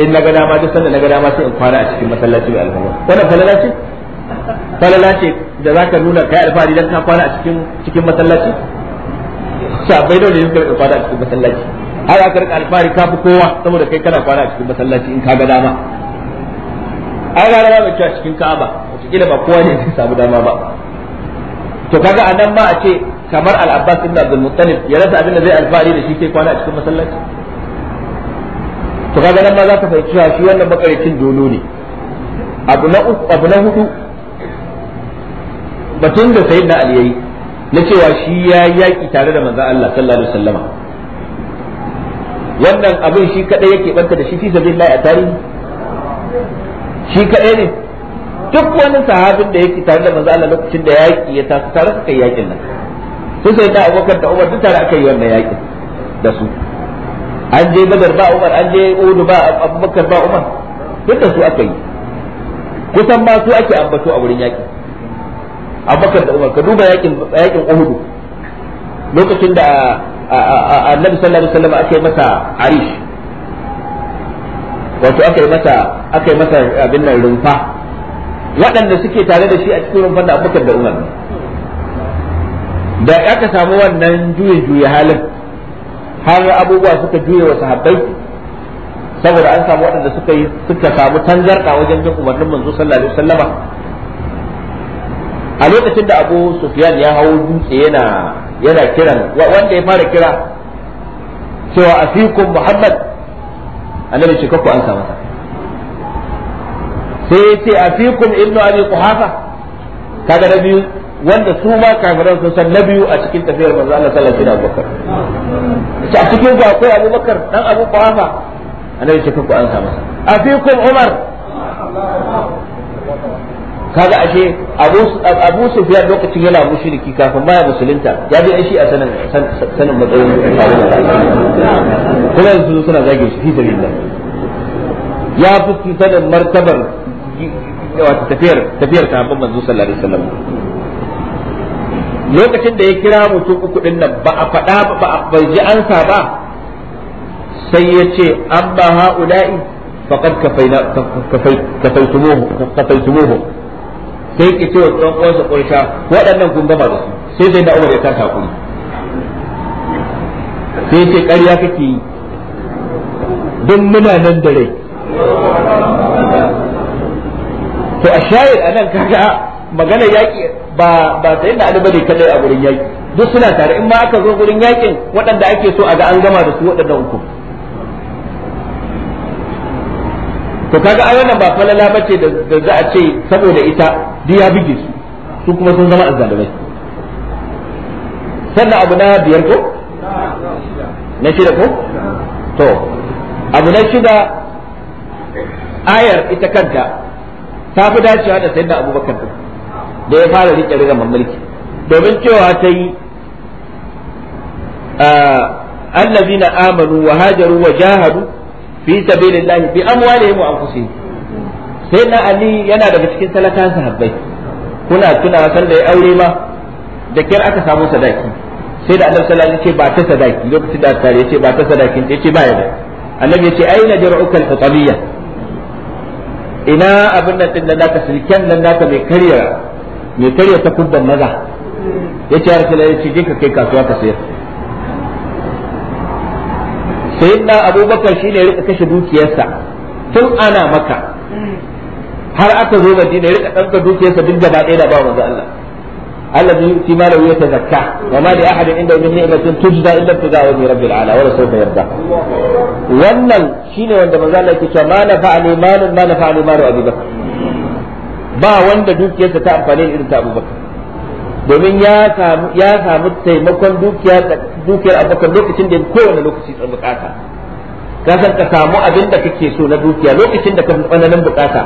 in na ga dama duk sanda na ga dama sai in kwana a cikin masallaci mai alfarma wannan falala ce falala ce da za ka nuna kai alfahari don ka kwana a cikin cikin masallaci sabai dole ne suka kwana a cikin masallaci har aka rika alfahari ka fi kowa saboda kai kana kwana a cikin masallaci in ka ga dama ai ga dama bai a cikin ka'aba wataƙila ba kowa ne zai samu dama ba to kaga anan ma a ce kamar al-abbas ibn abdul muttalib ya rasa abin da zai alfahari da shi kai kwana a cikin masallaci to kaga nan ma za ka fahimci shi wannan makaricin dolo ne abu na uku abu na hudu batun da sayyidina ali yayi na cewa shi ya yaki tare da manzon Allah sallallahu alaihi wasallama wannan abin shi kadai yake banta da shi fi sabilillah a tarihi shi kadai ne duk wani sahabin da yake tare da manzo Allah lokacin da yaki ya tafi tare suka yakin nan su sai da abokan da Umar duk tare aka yi wannan yakin da su an je Badar ba Umar an je Uhud ba Abubakar ba Umar duk da su aka yi kusan ba su ake ambato a wurin yakin Abubakar da Umar ka duba yakin yakin Uhud lokacin da annabi sallallahu alaihi wasallam aka yi masa arish wato aka yi masa aka yi abin nan rumfa waɗanda suke tare da shi a cikin rumfan da abubakar da umar da aka samu wannan juyin juya halin har abubuwa suka juye wa sahabbai saboda an samu waɗanda suka yi suka samu tangarɗa wajen bin umarnin manzo sallallahu alaihi wasallama a lokacin da abu sufyan ya hawo dutse yana yana kiran wanda ya fara kira cewa afikum muhammad annabi ce kakku an sa sai ya ce afikum ibnu abi quhafa kaga da biyu wanda su ma kafiran sun san na biyu a cikin tafiyar manzo Allah sallallahu alaihi wasallam ce a cikin ku akwai abubakar dan abu quhafa annabi ce kakku an sa masa afikum umar kaga ashe Abu Abu Sufyan lokacin yana mushriki kafin baya musulunta ya bi shi a sanin sanin matsayin kuma yanzu suna zage shi fi ya fi sanin martabar wato tafiyar tafiyar sahabban manzo sallallahu alaihi wasallam lokacin da ya kira mutum uku din nan ba a faɗa ba ba a ji ansa ba sai ya ce amma ha'ula'i faqad kafayna kafaytumuhu kafaytumuhu sai ki ce wa ɗan uwansa ƙursha waɗannan kun gama da su sai zai da Umar ya kasa kuri sai ce ƙarya kake yi don muna nan da rai to a shayar a nan kaga maganar yaƙi ba ba yi da da kadai a wurin yaƙi duk suna tare in ma aka zo wurin yaƙin waɗanda ake so a ga an gama da su waɗannan uku to kaga ai wannan ba falala bace da za a ce saboda ita duk ya bige su su kuma sun zama azzalumai sannan abu na biyar ko na shida ko to abu na shida ayar ita kanta ta fi dacewa da sayyidina abubakar da ya fara rike rigar mulki domin cewa ta yi ah, wa hajaru wa jahadu. fi sabilillahi bi amwalihim wa anfusihim sai na ali yana daga cikin talakan sahabbai kuna tuna san da ya aure ma da kyar aka samu sadaki sai da annabi sallallahu alaihi wasallam ba ta sadaki lokacin da tare ce ba ta sadaki ce ba ya da annabi ce aina jar'uka al-fatabiyya ina abin nan din da naka silken nan naka mai karya mai karya ta kubban maza yace ya ce yace je ka kai kasuwa ka sayar sayyidina abubakar shine ya rika kashe dukiyarsa tun ana maka har aka zo madina ya rika danka dukiyarsa duk gaba ɗaya da ba manzo Allah Allah الذي يؤتي ماله يتزكى inda لأحد عنده من نعمة تجزى إلا ابتغاء وجه رب العالى ولا سوف yarda wannan shine wanda manzo Allah yake cewa ma nafa'ani malun ma nafa'ani malu Abi Bakar ba wanda dukiyarsa ta amfane irin ta abubakar. domin ya samu taimakon dukiyar dukiyar abokan lokacin da kowane lokaci ta bukata ka san ka samu abin da kake so na dukiya lokacin da ka tsananin bukata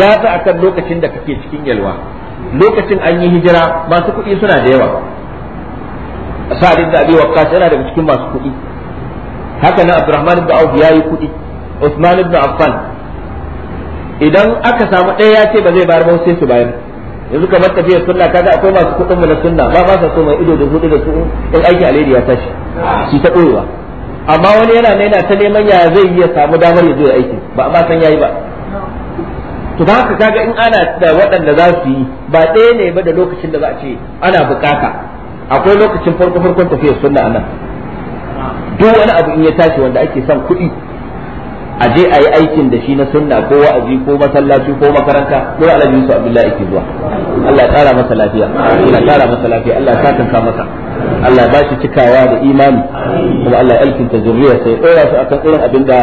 ya fi akan lokacin da kake cikin yalwa lokacin an yi hijira masu kuɗi suna da yawa sa'adin da abewa waqqas yana daga cikin masu kuɗi haka na abdurrahman ibn auf yayi kuɗi usman ibn affan idan aka samu ɗaya ya ce ba zai bayar ba sai su bayar yanzu kamar tafiyar sunna kaga akwai masu kuɗin mu na sunna ba ba sa so mai ido da hudu da su in aiki alheri ya tashi shi ta amma wani yana na yana ta neman ya zai iya samu damar ya zo ya aiki ba a san yayi ba to ba haka kaga in ana da waɗanda za su yi ba ɗaya ne ba da lokacin da za a ce ana bukata akwai lokacin farko farkon tafiyar sunna anan duk wani abu in ya tashi wanda ake son kuɗi a je a yi aikin da shi na sunna ko wa'azi ko masallaci ko makaranta ko alhaji Yusuf Abdullahi yake zuwa Allah ya kara masa lafiya Allah ya kara masa lafiya Allah ya saka masa Allah ya bashi cikawa da imani kuma Allah ya ta zuriya sai ya su akan irin abin da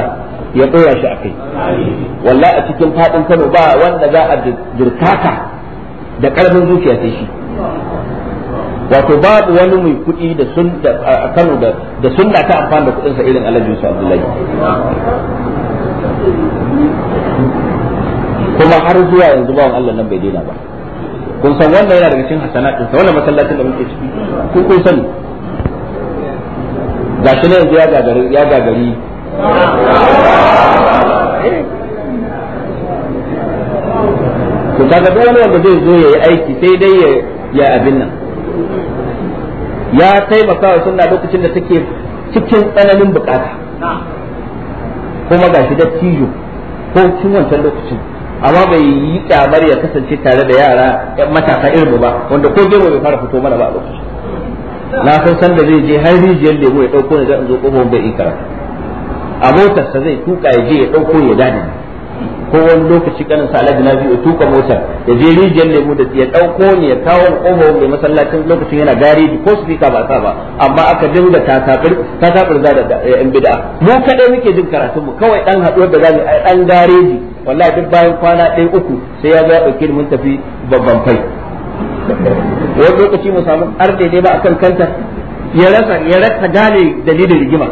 ya ɗora shi akai wallahi a cikin fadin Kano ba wanda za a jirkaka da karfin zuciya sai shi wato babu wani mai kuɗi da sun a Kano da sunna ta amfani da kuɗinsa irin Alhaji Yusuf Abdullahi kuma har zuwa yanzu bawan Allah nan bai daina ba kun san wannan yana daga cikin hasanatin sa wannan masallacin da muke ciki kun kun sani shi ne yanzu ya gagari ya gagari to kaga dole ne wanda zai zo ya yi aiki sai dai ya ya abin nan ya taimaka wa sunna lokacin da take cikin tsananin bukata Ko kuma gashi dattijo ko tun wancan lokacin amma bai yi kyamar ya kasance tare da yara yan matasa irin ba wanda ko gero bai fara fito mana ba a lokacin na san san zai je har rijiyar lemu ya dauko ne zan zo kofar bai ikara a motarsa zai tuka ya je ya ɗauko ya dade ko wani lokaci kanin sa na biyu ya tuka motar ya je rijiyar lemu da ya dauko ne ya kawo kofa mai masallacin lokacin yana gareji ko su ba sa ba amma aka dinga ta tafir za da eh, yan bid'a mu kadai muke jin karatun mu kawai dan haduwar da zamu ai dan gareji wallahi duk bayan kwana ɗaya uku sai ya zo ya dauke mun tafi babban fai wani lokaci mu samu arde daidai ba akan kanta ya rasa ya rasa gane dalilin rigima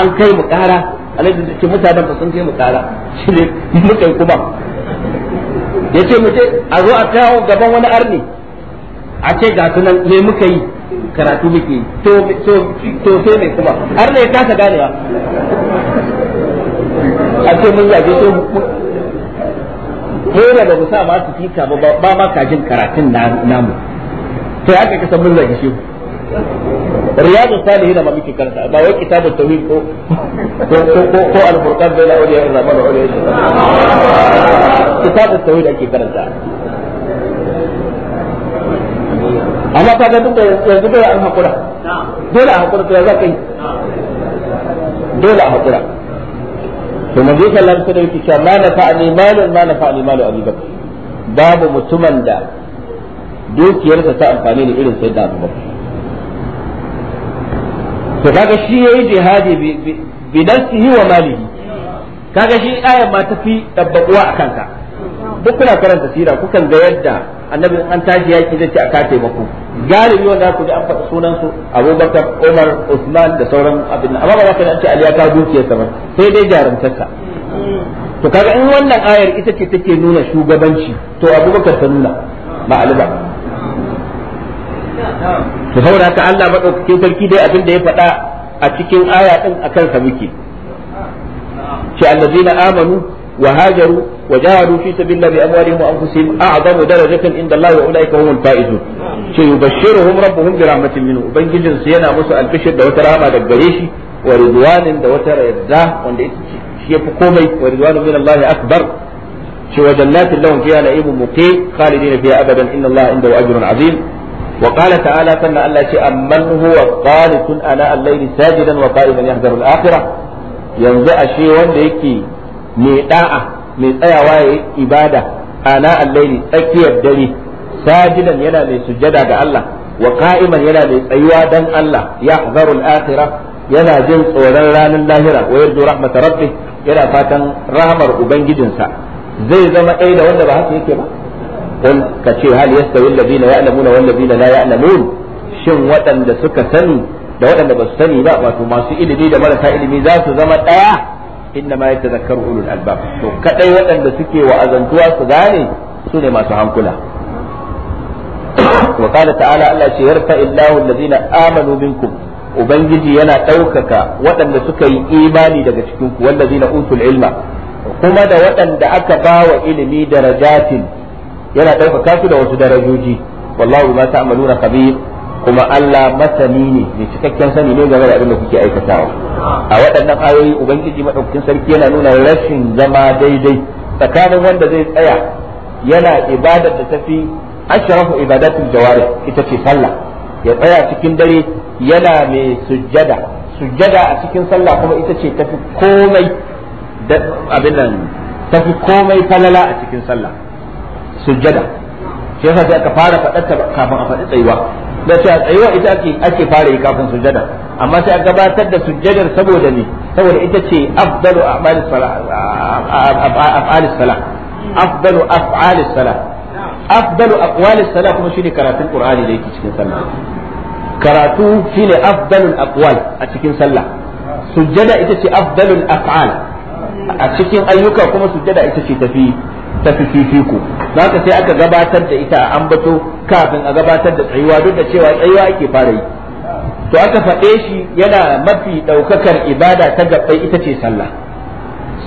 an kai mu kara alhaji da ce mutanen ba sun kai mu kara shi ne muka yi kuma ya ce mu ce a zo a kawo gaban wani arni a ce ga sunan me muka yi karatu muke to to to sai mai kuma har ne ka ta ganewa a ce mun zage to ko da ba ku sa ma su fika ba ba ma kajin karatun namu to ya kai ka san mun zage shi riyadu salihin ma muke karanta ba wai kitabut tauhid ko ko ko ko al-furqan bayna awliya ar-rahman wa awliya kitabut tauhid ake karanta amma ka ga duk da yanzu dole an hakura dole a hakura to ya za kai dole a hakura to manzo sallallahu alaihi wasallam yake cewa ma nafa'ani malun ma nafa'ani malu abi babu mutumin da dukiyarsa ta amfani da irin sai da abubakar to kaga shi yayi jihadi bi nafsihi wa malihi kaga shi ayar ma tafi dabbakuwa a ka duk kuna karanta sira kukan ga yadda annabi an taji yaki zai ci aka ka taimako galibi wanda ku ji an faɗi sunan su Abubakar Umar Usman da sauran abin amma ba za ka ce Ali ya ka dukiyar sai dai jarumtarka to kaga in wannan ayar ita ce take nuna shugabanci to Abubakar ta nuna maaliba to saboda haka Allah madaukakin sarki dai abin da ya faɗa a cikin aya din akan sa muke ce allazina amanu wa hajaru wa jahadu fi sabilillahi bi amwalihim wa anfusihim a'zamu darajatan inda Allah wa ulaika humul faizun ce yubashshiruhum rabbuhum bi rahmatin minhu ubangijin su yana musu albishir da wata rahama daga gare shi wa ridwanin da wata yarda wanda shi yafi komai wa ridwanu min Allah akbar ce wa jannatin lahum fiha na'imun muqim khalidina fiha abadan inna Allah indahu ajrun azim وقال تعالى سنة الله شيء أمن هو قانت أنا الليل ساجدا yanzu ashe wanda ينزع شيء وليكي ميطاعة mai tsayawa ya yi ibada ana allaili tsakiyar dare sajidan yana mai sujjada ga Allah wa yana mai tsayuwa dan Allah yahzaru al-akhirah yana jin tsoron ranar lahira wa yarju rahmat rabbih yana fatan rahmar ubangijinsa zai zama ɗaya da wanda ba haka yake ba قل كتير هل يستوي الذين يعلمون والذين لا يعلمون shin waɗanda suka sani da waɗanda ba su sani ba wato masu ilimi da marasa ilimi za su zama ɗaya inda ma yadda zakar ulul albab to kadai waɗanda suke wa'azantuwa su gane su ne masu hankula wa qala ta'ala Allah ce yarfa illahu alladhina amanu minkum ubangiji yana ɗaukaka waɗanda suka yi imani daga cikin ku wallazina utul ilma kuma da waɗanda aka bawa ilimi darajatin yana ɗaukaka su da wasu darajoji wallahu ma ta'maluna khabir kuma Allah masani ne mai cikakken sani ne game da abin da kuke aikatawa a waɗannan ayoyi ubangiji madaukakin sarki yana nuna rashin zama daidai tsakanin wanda zai tsaya yana ibadar da tafi ashrafu ibadatul jawarih ita ce sallah ya tsaya cikin dare yana mai sujjada sujjada a cikin sallah kuma ita ce tafi komai abin nan tafi komai falala a cikin sallah sujjada shi yasa sai aka fara faɗarta kafin a faɗi tsayuwa da cewa tsayuwa ita ake ake fara yi kafin sujjada amma sai a gabatar da sujjadar saboda ne saboda ita ce afdalu a'malis salah af'alis Sala. afdalu af'alis Sala. afdalu aqwalis sala kuma shine karatun qur'ani da yake cikin sallah karatu shine afdalul aqwal a cikin sallah sujjada ita ce afdalul af'al a cikin ayyuka kuma sujjada ita ce tafi tafi fifiko za sai aka gabatar da ita a ambato kafin a gabatar da tsayuwa duk da cewa tsayuwa ake fara yi to aka faɗe shi yana mafi ɗaukakar ibada ta gaɓɓai ita ce sallah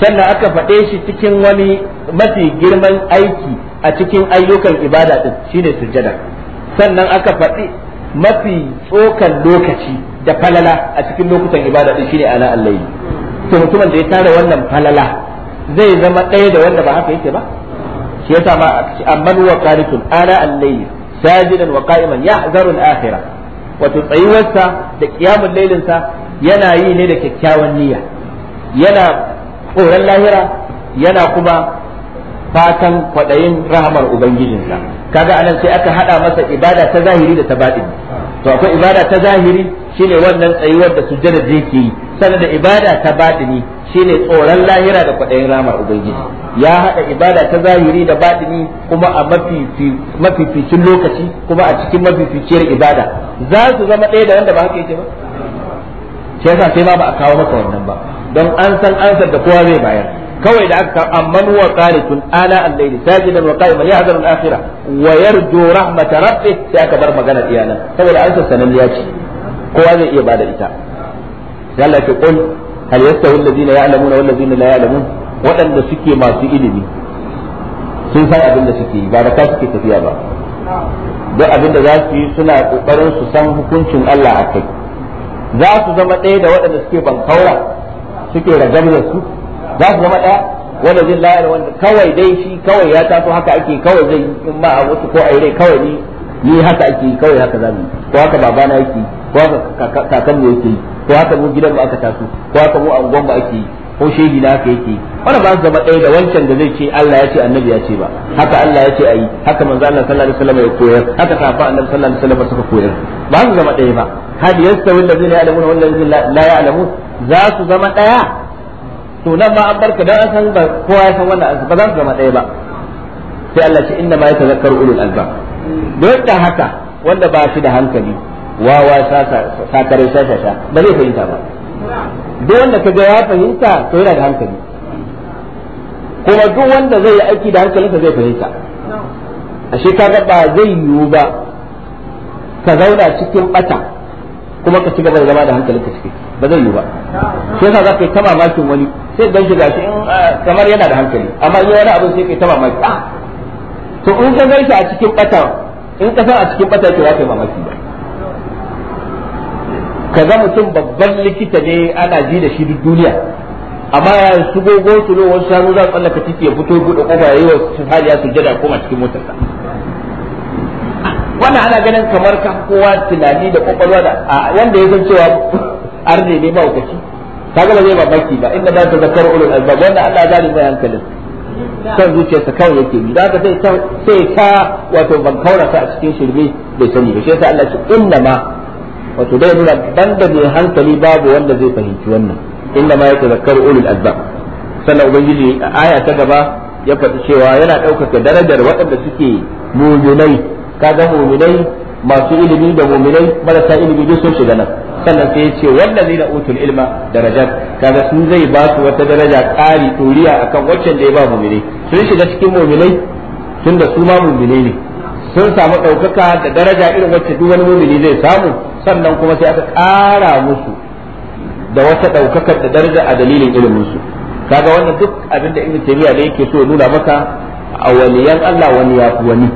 sannan aka faɗe shi cikin wani mafi girman aiki a cikin ayyukan ibada ɗin shine sujjada sannan aka faɗi mafi tsokan lokaci da falala a cikin lokutan ibada ɗin shine ana allahi to mutumin da ya tara wannan falala zai zama ɗaya da wanda ba haka yake ba shi yasa ma amman huwa qanitun ana al-layl sajidan wa qa'iman yahzaru al-akhirah wato tsayuwarsa da qiyamul lailin sa yana yi ne da kyakkyawan niyya yana tsoron lahira yana kuma fatan kwadayin rahamar ubangijinsa kaga anan sai aka hada masa ibada ta zahiri da ta batini to akwai ibada ta zahiri shine wannan tsayuwar da sujjada zai yake yi Sanar da ibada ta badini shine tsoron lahira da kwaɗayin ramar ubangiji ya haɗa ibada ta zahiri da badini kuma a mafificin lokaci kuma a cikin mafificiyar ibada za su zama ɗaya da wanda ba haka yake ba shi yasa sai ma ba a kawo maka wannan ba don an san ansar da kowa zai bayar kawai da aka amman wa qanitun ala al-layli sajidan wa qa'iman yahzaru al-akhirah wa yarju rahmat rabbih sai aka bar magana iyalan saboda ansar sananniya ce kowa zai iya bada ita sai Allah ya ce qul hal yastawi alladhina ya'lamuna wal ladhina la ya'lamun waɗanda suke masu ilimi sun san abin da suke ba da kasu ke tafiya ba duk abin da za su yi suna kokarin su san hukuncin Allah a kai za su zama ɗaya da waɗanda suke ban bankaura suke ragamzar su za su zama ɗaya wanda zai layar wanda kawai dai shi kawai ya taso haka ake kawai zai in ma a wasu ko aure kawai ni ni haka ake kawai haka zamu ko haka babana yake ko haka kakan mu yake ko haka mu gidan mu aka taso ko haka mu angon mu ake yi ko shehi na haka yake wannan ba zama ɗaya da wancan da zai ce Allah ya ce annabi ya ce ba haka Allah ya ce ayi haka manzo Allah sallallahu alaihi wasallam ya koyar haka safa annabi sallallahu alaihi wasallam suka koyar ba su zama ɗaya ba hadi yastawi allazina ya'lamuna wal ladzina la ya'lamun za su zama ɗaya to nan ma an barka dan san ba kowa ya san wannan ba za su zama ɗaya ba sai Allah ce inna ma yatazakkaru ulul albab don haka wanda ba shi da hankali wawa sakarai sasasha ba zai fahimta ba duk wanda ga ya fahimta to yana da hankali kuma duk wanda zai yi aiki da hankalinsa zai fahimta A shekara ba zai yiwu ba ka zauna cikin bata kuma ka ci gaba da zama da hankalinka ciki ba zai yiwu ba sai sa za ka yi ta mamakin wani sai dan shiga shi kamar yana da hankali amma yi wani abin sai ka yi ta mamaki ah! to in ka gaishe a cikin bata in ka san a cikin bata ke za ka yi mamaki ba ka ga mutum babban likita ne ana ji da shi duk duniya amma ya su gogo su wasu shanu za su tsallaka ciki ya fito buɗe kofa ya yi wa hali ya sujjada koma cikin motarsa wannan ana ganin kamar ka kowa tunani da kwakwalwa da wanda ya san cewa arne ne ba hukaci kaga ba zai mamaki ba inda za ta zakar ulul albab wanda Allah ya zalimi hankalin kan zuciyarsa kawai yake bi zaka sai sai ka wato ban kaura ta a cikin shirme bai sani ba shi yasa Allah ce inna ma wato dai nuna banda mai hankali babu wanda zai fahimci wannan inda ma yake zakar ulul albab sannan ubangiji a aya ta gaba ya faɗi cewa yana ɗaukaka darajar waɗanda suke muminai kaga muminai masu ilimi da muminai marasa ilimi duk sun shiga nan sannan sai ya ce zai na utul ilma darajar kaga sun zai ba su wata daraja ƙari turiya akan waccan da ya ba muminai sun shiga cikin muminai tunda su ma muminai ne sun samu ɗaukaka da daraja irin wacce duk wani mumini zai samu sannan kuma sai aka ƙara musu da wata ɗaukakar da daraja a dalilin iliminsu kaga wannan duk abin da ibn taymiya da yake so nuna maka a waliyan Allah wani ya fi wani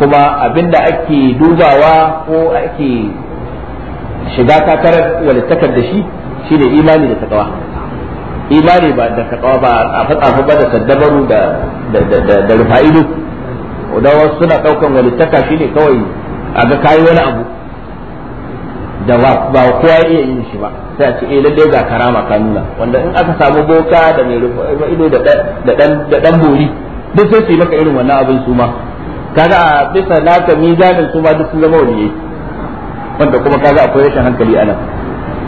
kuma abin da ake dubawa ko ake shiga takarar walittakar da shi shine imani da takawa imani ba da takawa ba a fatsafa ba da saddabaru da da da da wasu suna daukan walittaka shine kawai a ga kayi wani abu da ba kowa ya iya yin shi ba sai a ce eh lalle ga karama ka nuna wanda in aka samu boka da mai rufa ido da dan da dan bori duk sai su yi maka irin wannan abin suma ma kaga a bisa naka mizanin su ma duk sun zama waliyai wanda kuma kaga akwai rashin hankali a nan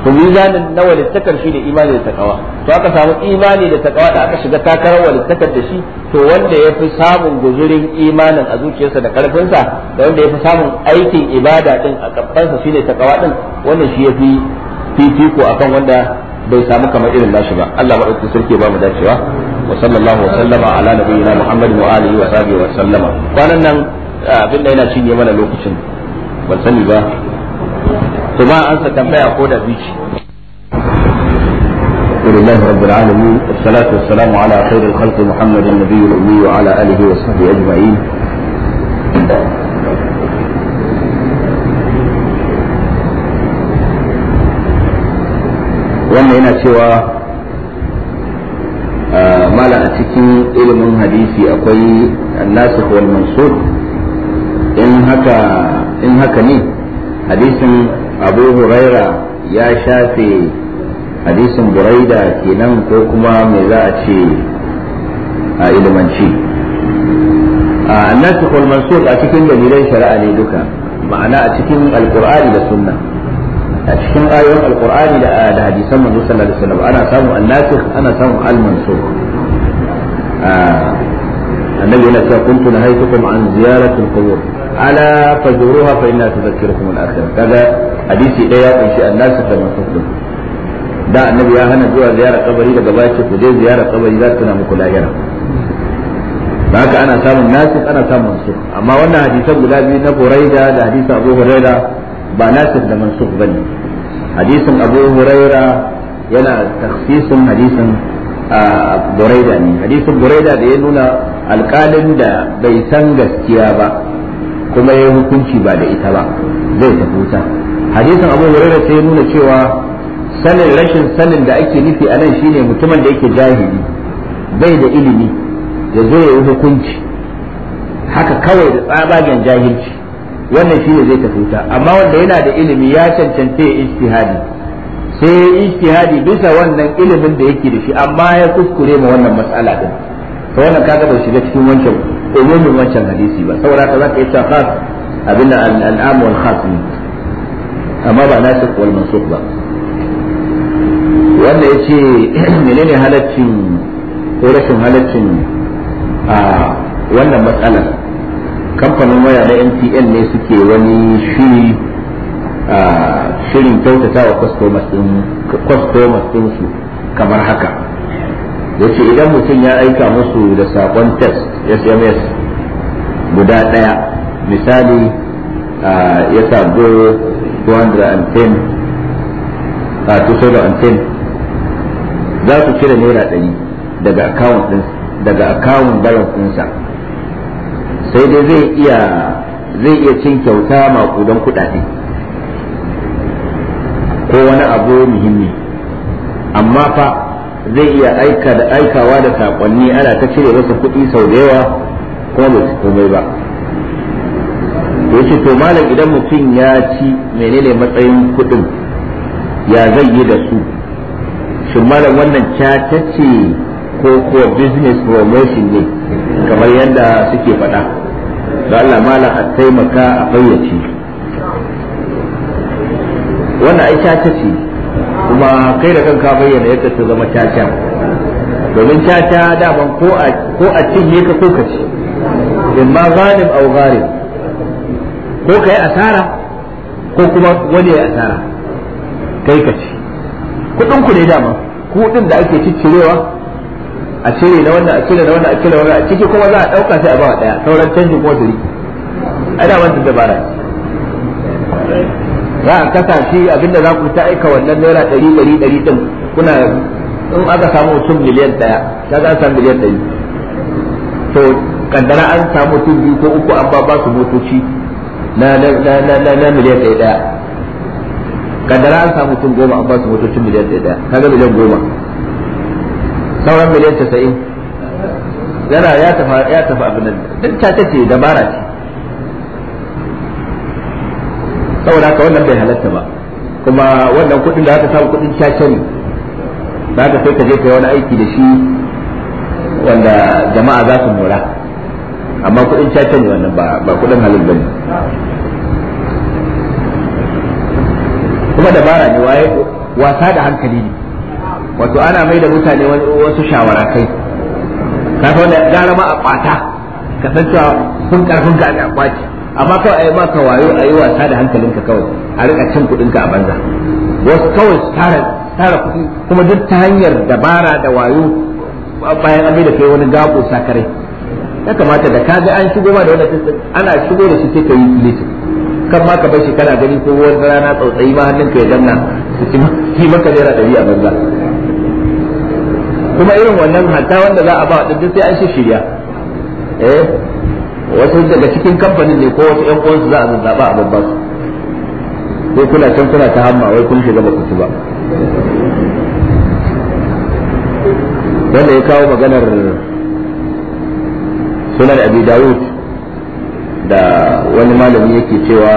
to mizanin na walittakar shi da imani da takawa to aka samu imani da takawa da aka shiga takarar walittakar da shi to wanda ya fi samun guzurin imanin a zuciyarsa da karfinsa da wanda ya fi samun aikin ibada din a kafansa shine takawa din wannan shi ya fi fifiko akan wanda bai samu kamar irin nashi ba Allah madaukakin sarki ba mu dacewa wa sallallahu wa sallama ala nabiyyina muhammadin wa alihi wa sahbihi wa sallama kwanan nan abin da yana cinye mana lokacin ban sani ba kuma an sa tambaya ko da لله رب العالمين والسلام على خير الخلق محمد النبي الأمي وعلى آله وصحبه أجمعين yana cewa ah, mala a cikin ilimin hadisi akwai nasikh wal mansur in haka in haka ne hadisin abu huraira ya shafe hadisin buraida kenan ko kuma me za a ce a ilimanci a nasikul mansur a cikin dalilan shari'a ne duka ma'ana a cikin alkur'ani da sunna a cikin ayoyin alkur'ani da hadisan manzo sallallahu alaihi wasallam ana samun annasikh ana samun al-mansur annabi yana cewa kuntu nahaytukum an ziyaratil qubur ala fajruha fa inna tudhakkirukum al-akhir kaga hadisi daya ya kunshi annasu da mafsudin da annabi ya hana zuwa ziyara kabari daga baya ce ku je ziyara kabari za ta na muku lahira haka ana samun nasik ana samun mansuk amma wannan hadisan guda biyu na Buraida da hadisan Abu Huraira ba nasik da mansuk bane hadisin Abu Huraira yana takhsisin hadisin Buraida ne hadisin Buraida da ya nuna alkalin da bai san gaskiya ba kuma ya hukunci ba da ita ba zai tafi wuta hadisin abu hurairah sai ya nuna cewa sanin rashin sanin da ake nufi a nan shine mutumin da yake jahili bai da ilimi ya zo ya yi hukunci haka kawai da tsabagen jahilci wannan shi ne zai tafi wuta amma wanda yana da ilimi ya cancanta ya ijtihadi sai ya ijtihadi bisa wannan ilimin da yake da shi amma ya kuskure ma wannan matsala din to wannan kaga bai shiga cikin wancan umumin wancan hadisi ba saboda ka zaka yi shafaf abin da al'am wal khas ne amma ba nasikh wal mansukh ba wanda yace *clears throat* menene halaccin ko rashin halaccin a wannan matsalar kamfanin waya na MTN ne suke wani shiri a shirin kyautatawa customers customers din su kamar haka yace idan mutum ya aika musu da sakon test sms guda ɗaya misali ya sabo 210 za su cire naira ɗari daga akawun ɗin daga account balance ɗinsa sai dai zai iya zai iya cin kyauta makudan kuɗaɗe ko wani abu muhimmi amma fa zai iya aika da aikawa da sakonni ana ta cire masa kuɗi sau da yawa kuma bai ci komai ba ce to malam idan mutum ya ci menene matsayin kuɗin ya zai yi da su shin malam wannan cata ce ko kuwa business promotion ne kamar yadda suke faɗa da Allah malam a taimaka a fayyace wannan ai cata kuma kai da kanka bayyana yadda ta zama caca domin caca daban ko a cinye ka ko ka ci in ma zalim au gharim ko ka yi asara ko kuma wani ya asara kai ka ci kudin ku ne dama kudin da ake ciccirewa a cire na wannan a cire na wannan a cire wannan a ciki kuma za a dauka sai a ba daya sauran canjin ko su ai da wannan dabara za a kasa shi abinda za ku ta aika wannan naira ɗari ɗari ɗari ɗin kuna in aka samu mutum miliyan ɗaya ta za a samu miliyan ɗari to kandara an samu mutum biyu ko uku an ba su motoci na miliyan ɗaya ɗaya kandara an samu mutum goma an ba su motoci miliyan ɗaya ɗaya kaga miliyan goma sauran miliyan casa'in yana ya tafi abin nan duk ta ce dabara ce saboda haka wannan bai halatta ba kuma wannan kuɗin da aka samu kuɗin caca ne da haka sai ka je kai wani aiki da shi wanda jama'a za su mora amma kuɗin caca ne wannan ba kuɗin halin bane kuma dabara ne waye wasa da hankali ne wato ana mai da mutane wasu shawara kai ka da gara ma a kwata ka san cewa sun karfin ka a kwaci amma kawai a yi maka wayo a yi wasa da hankalinka kawai a rika cin kuɗinka a banza wasu kawai tara tara kuɗi kuma duk ta hanyar dabara da wayo bayan an da kai wani gabo sakare ya kamata da ka ga an shigo ma da wani tsitsin ana shigo da shi sai ka yi litin kan ma ka bar shi kana gani ko wani rana tsautsayi ma hannunka ya danna ki maka naira ɗari a banza kuma irin wannan hatta wanda za a ba ɗin sai an shi shirya eh wata daga cikin kamfanin ne ko wata yan uwansu za a zazzaba a babba su sai kuna can kuna ta hamma wai kun shiga baku ci ba wanda ya kawo maganar sunan abi dawud da wani malami yake cewa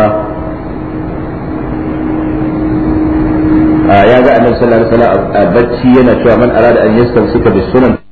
ya ga annabi sallallahu alaihi wasallam a bacci yana cewa man arada an suka bi sunan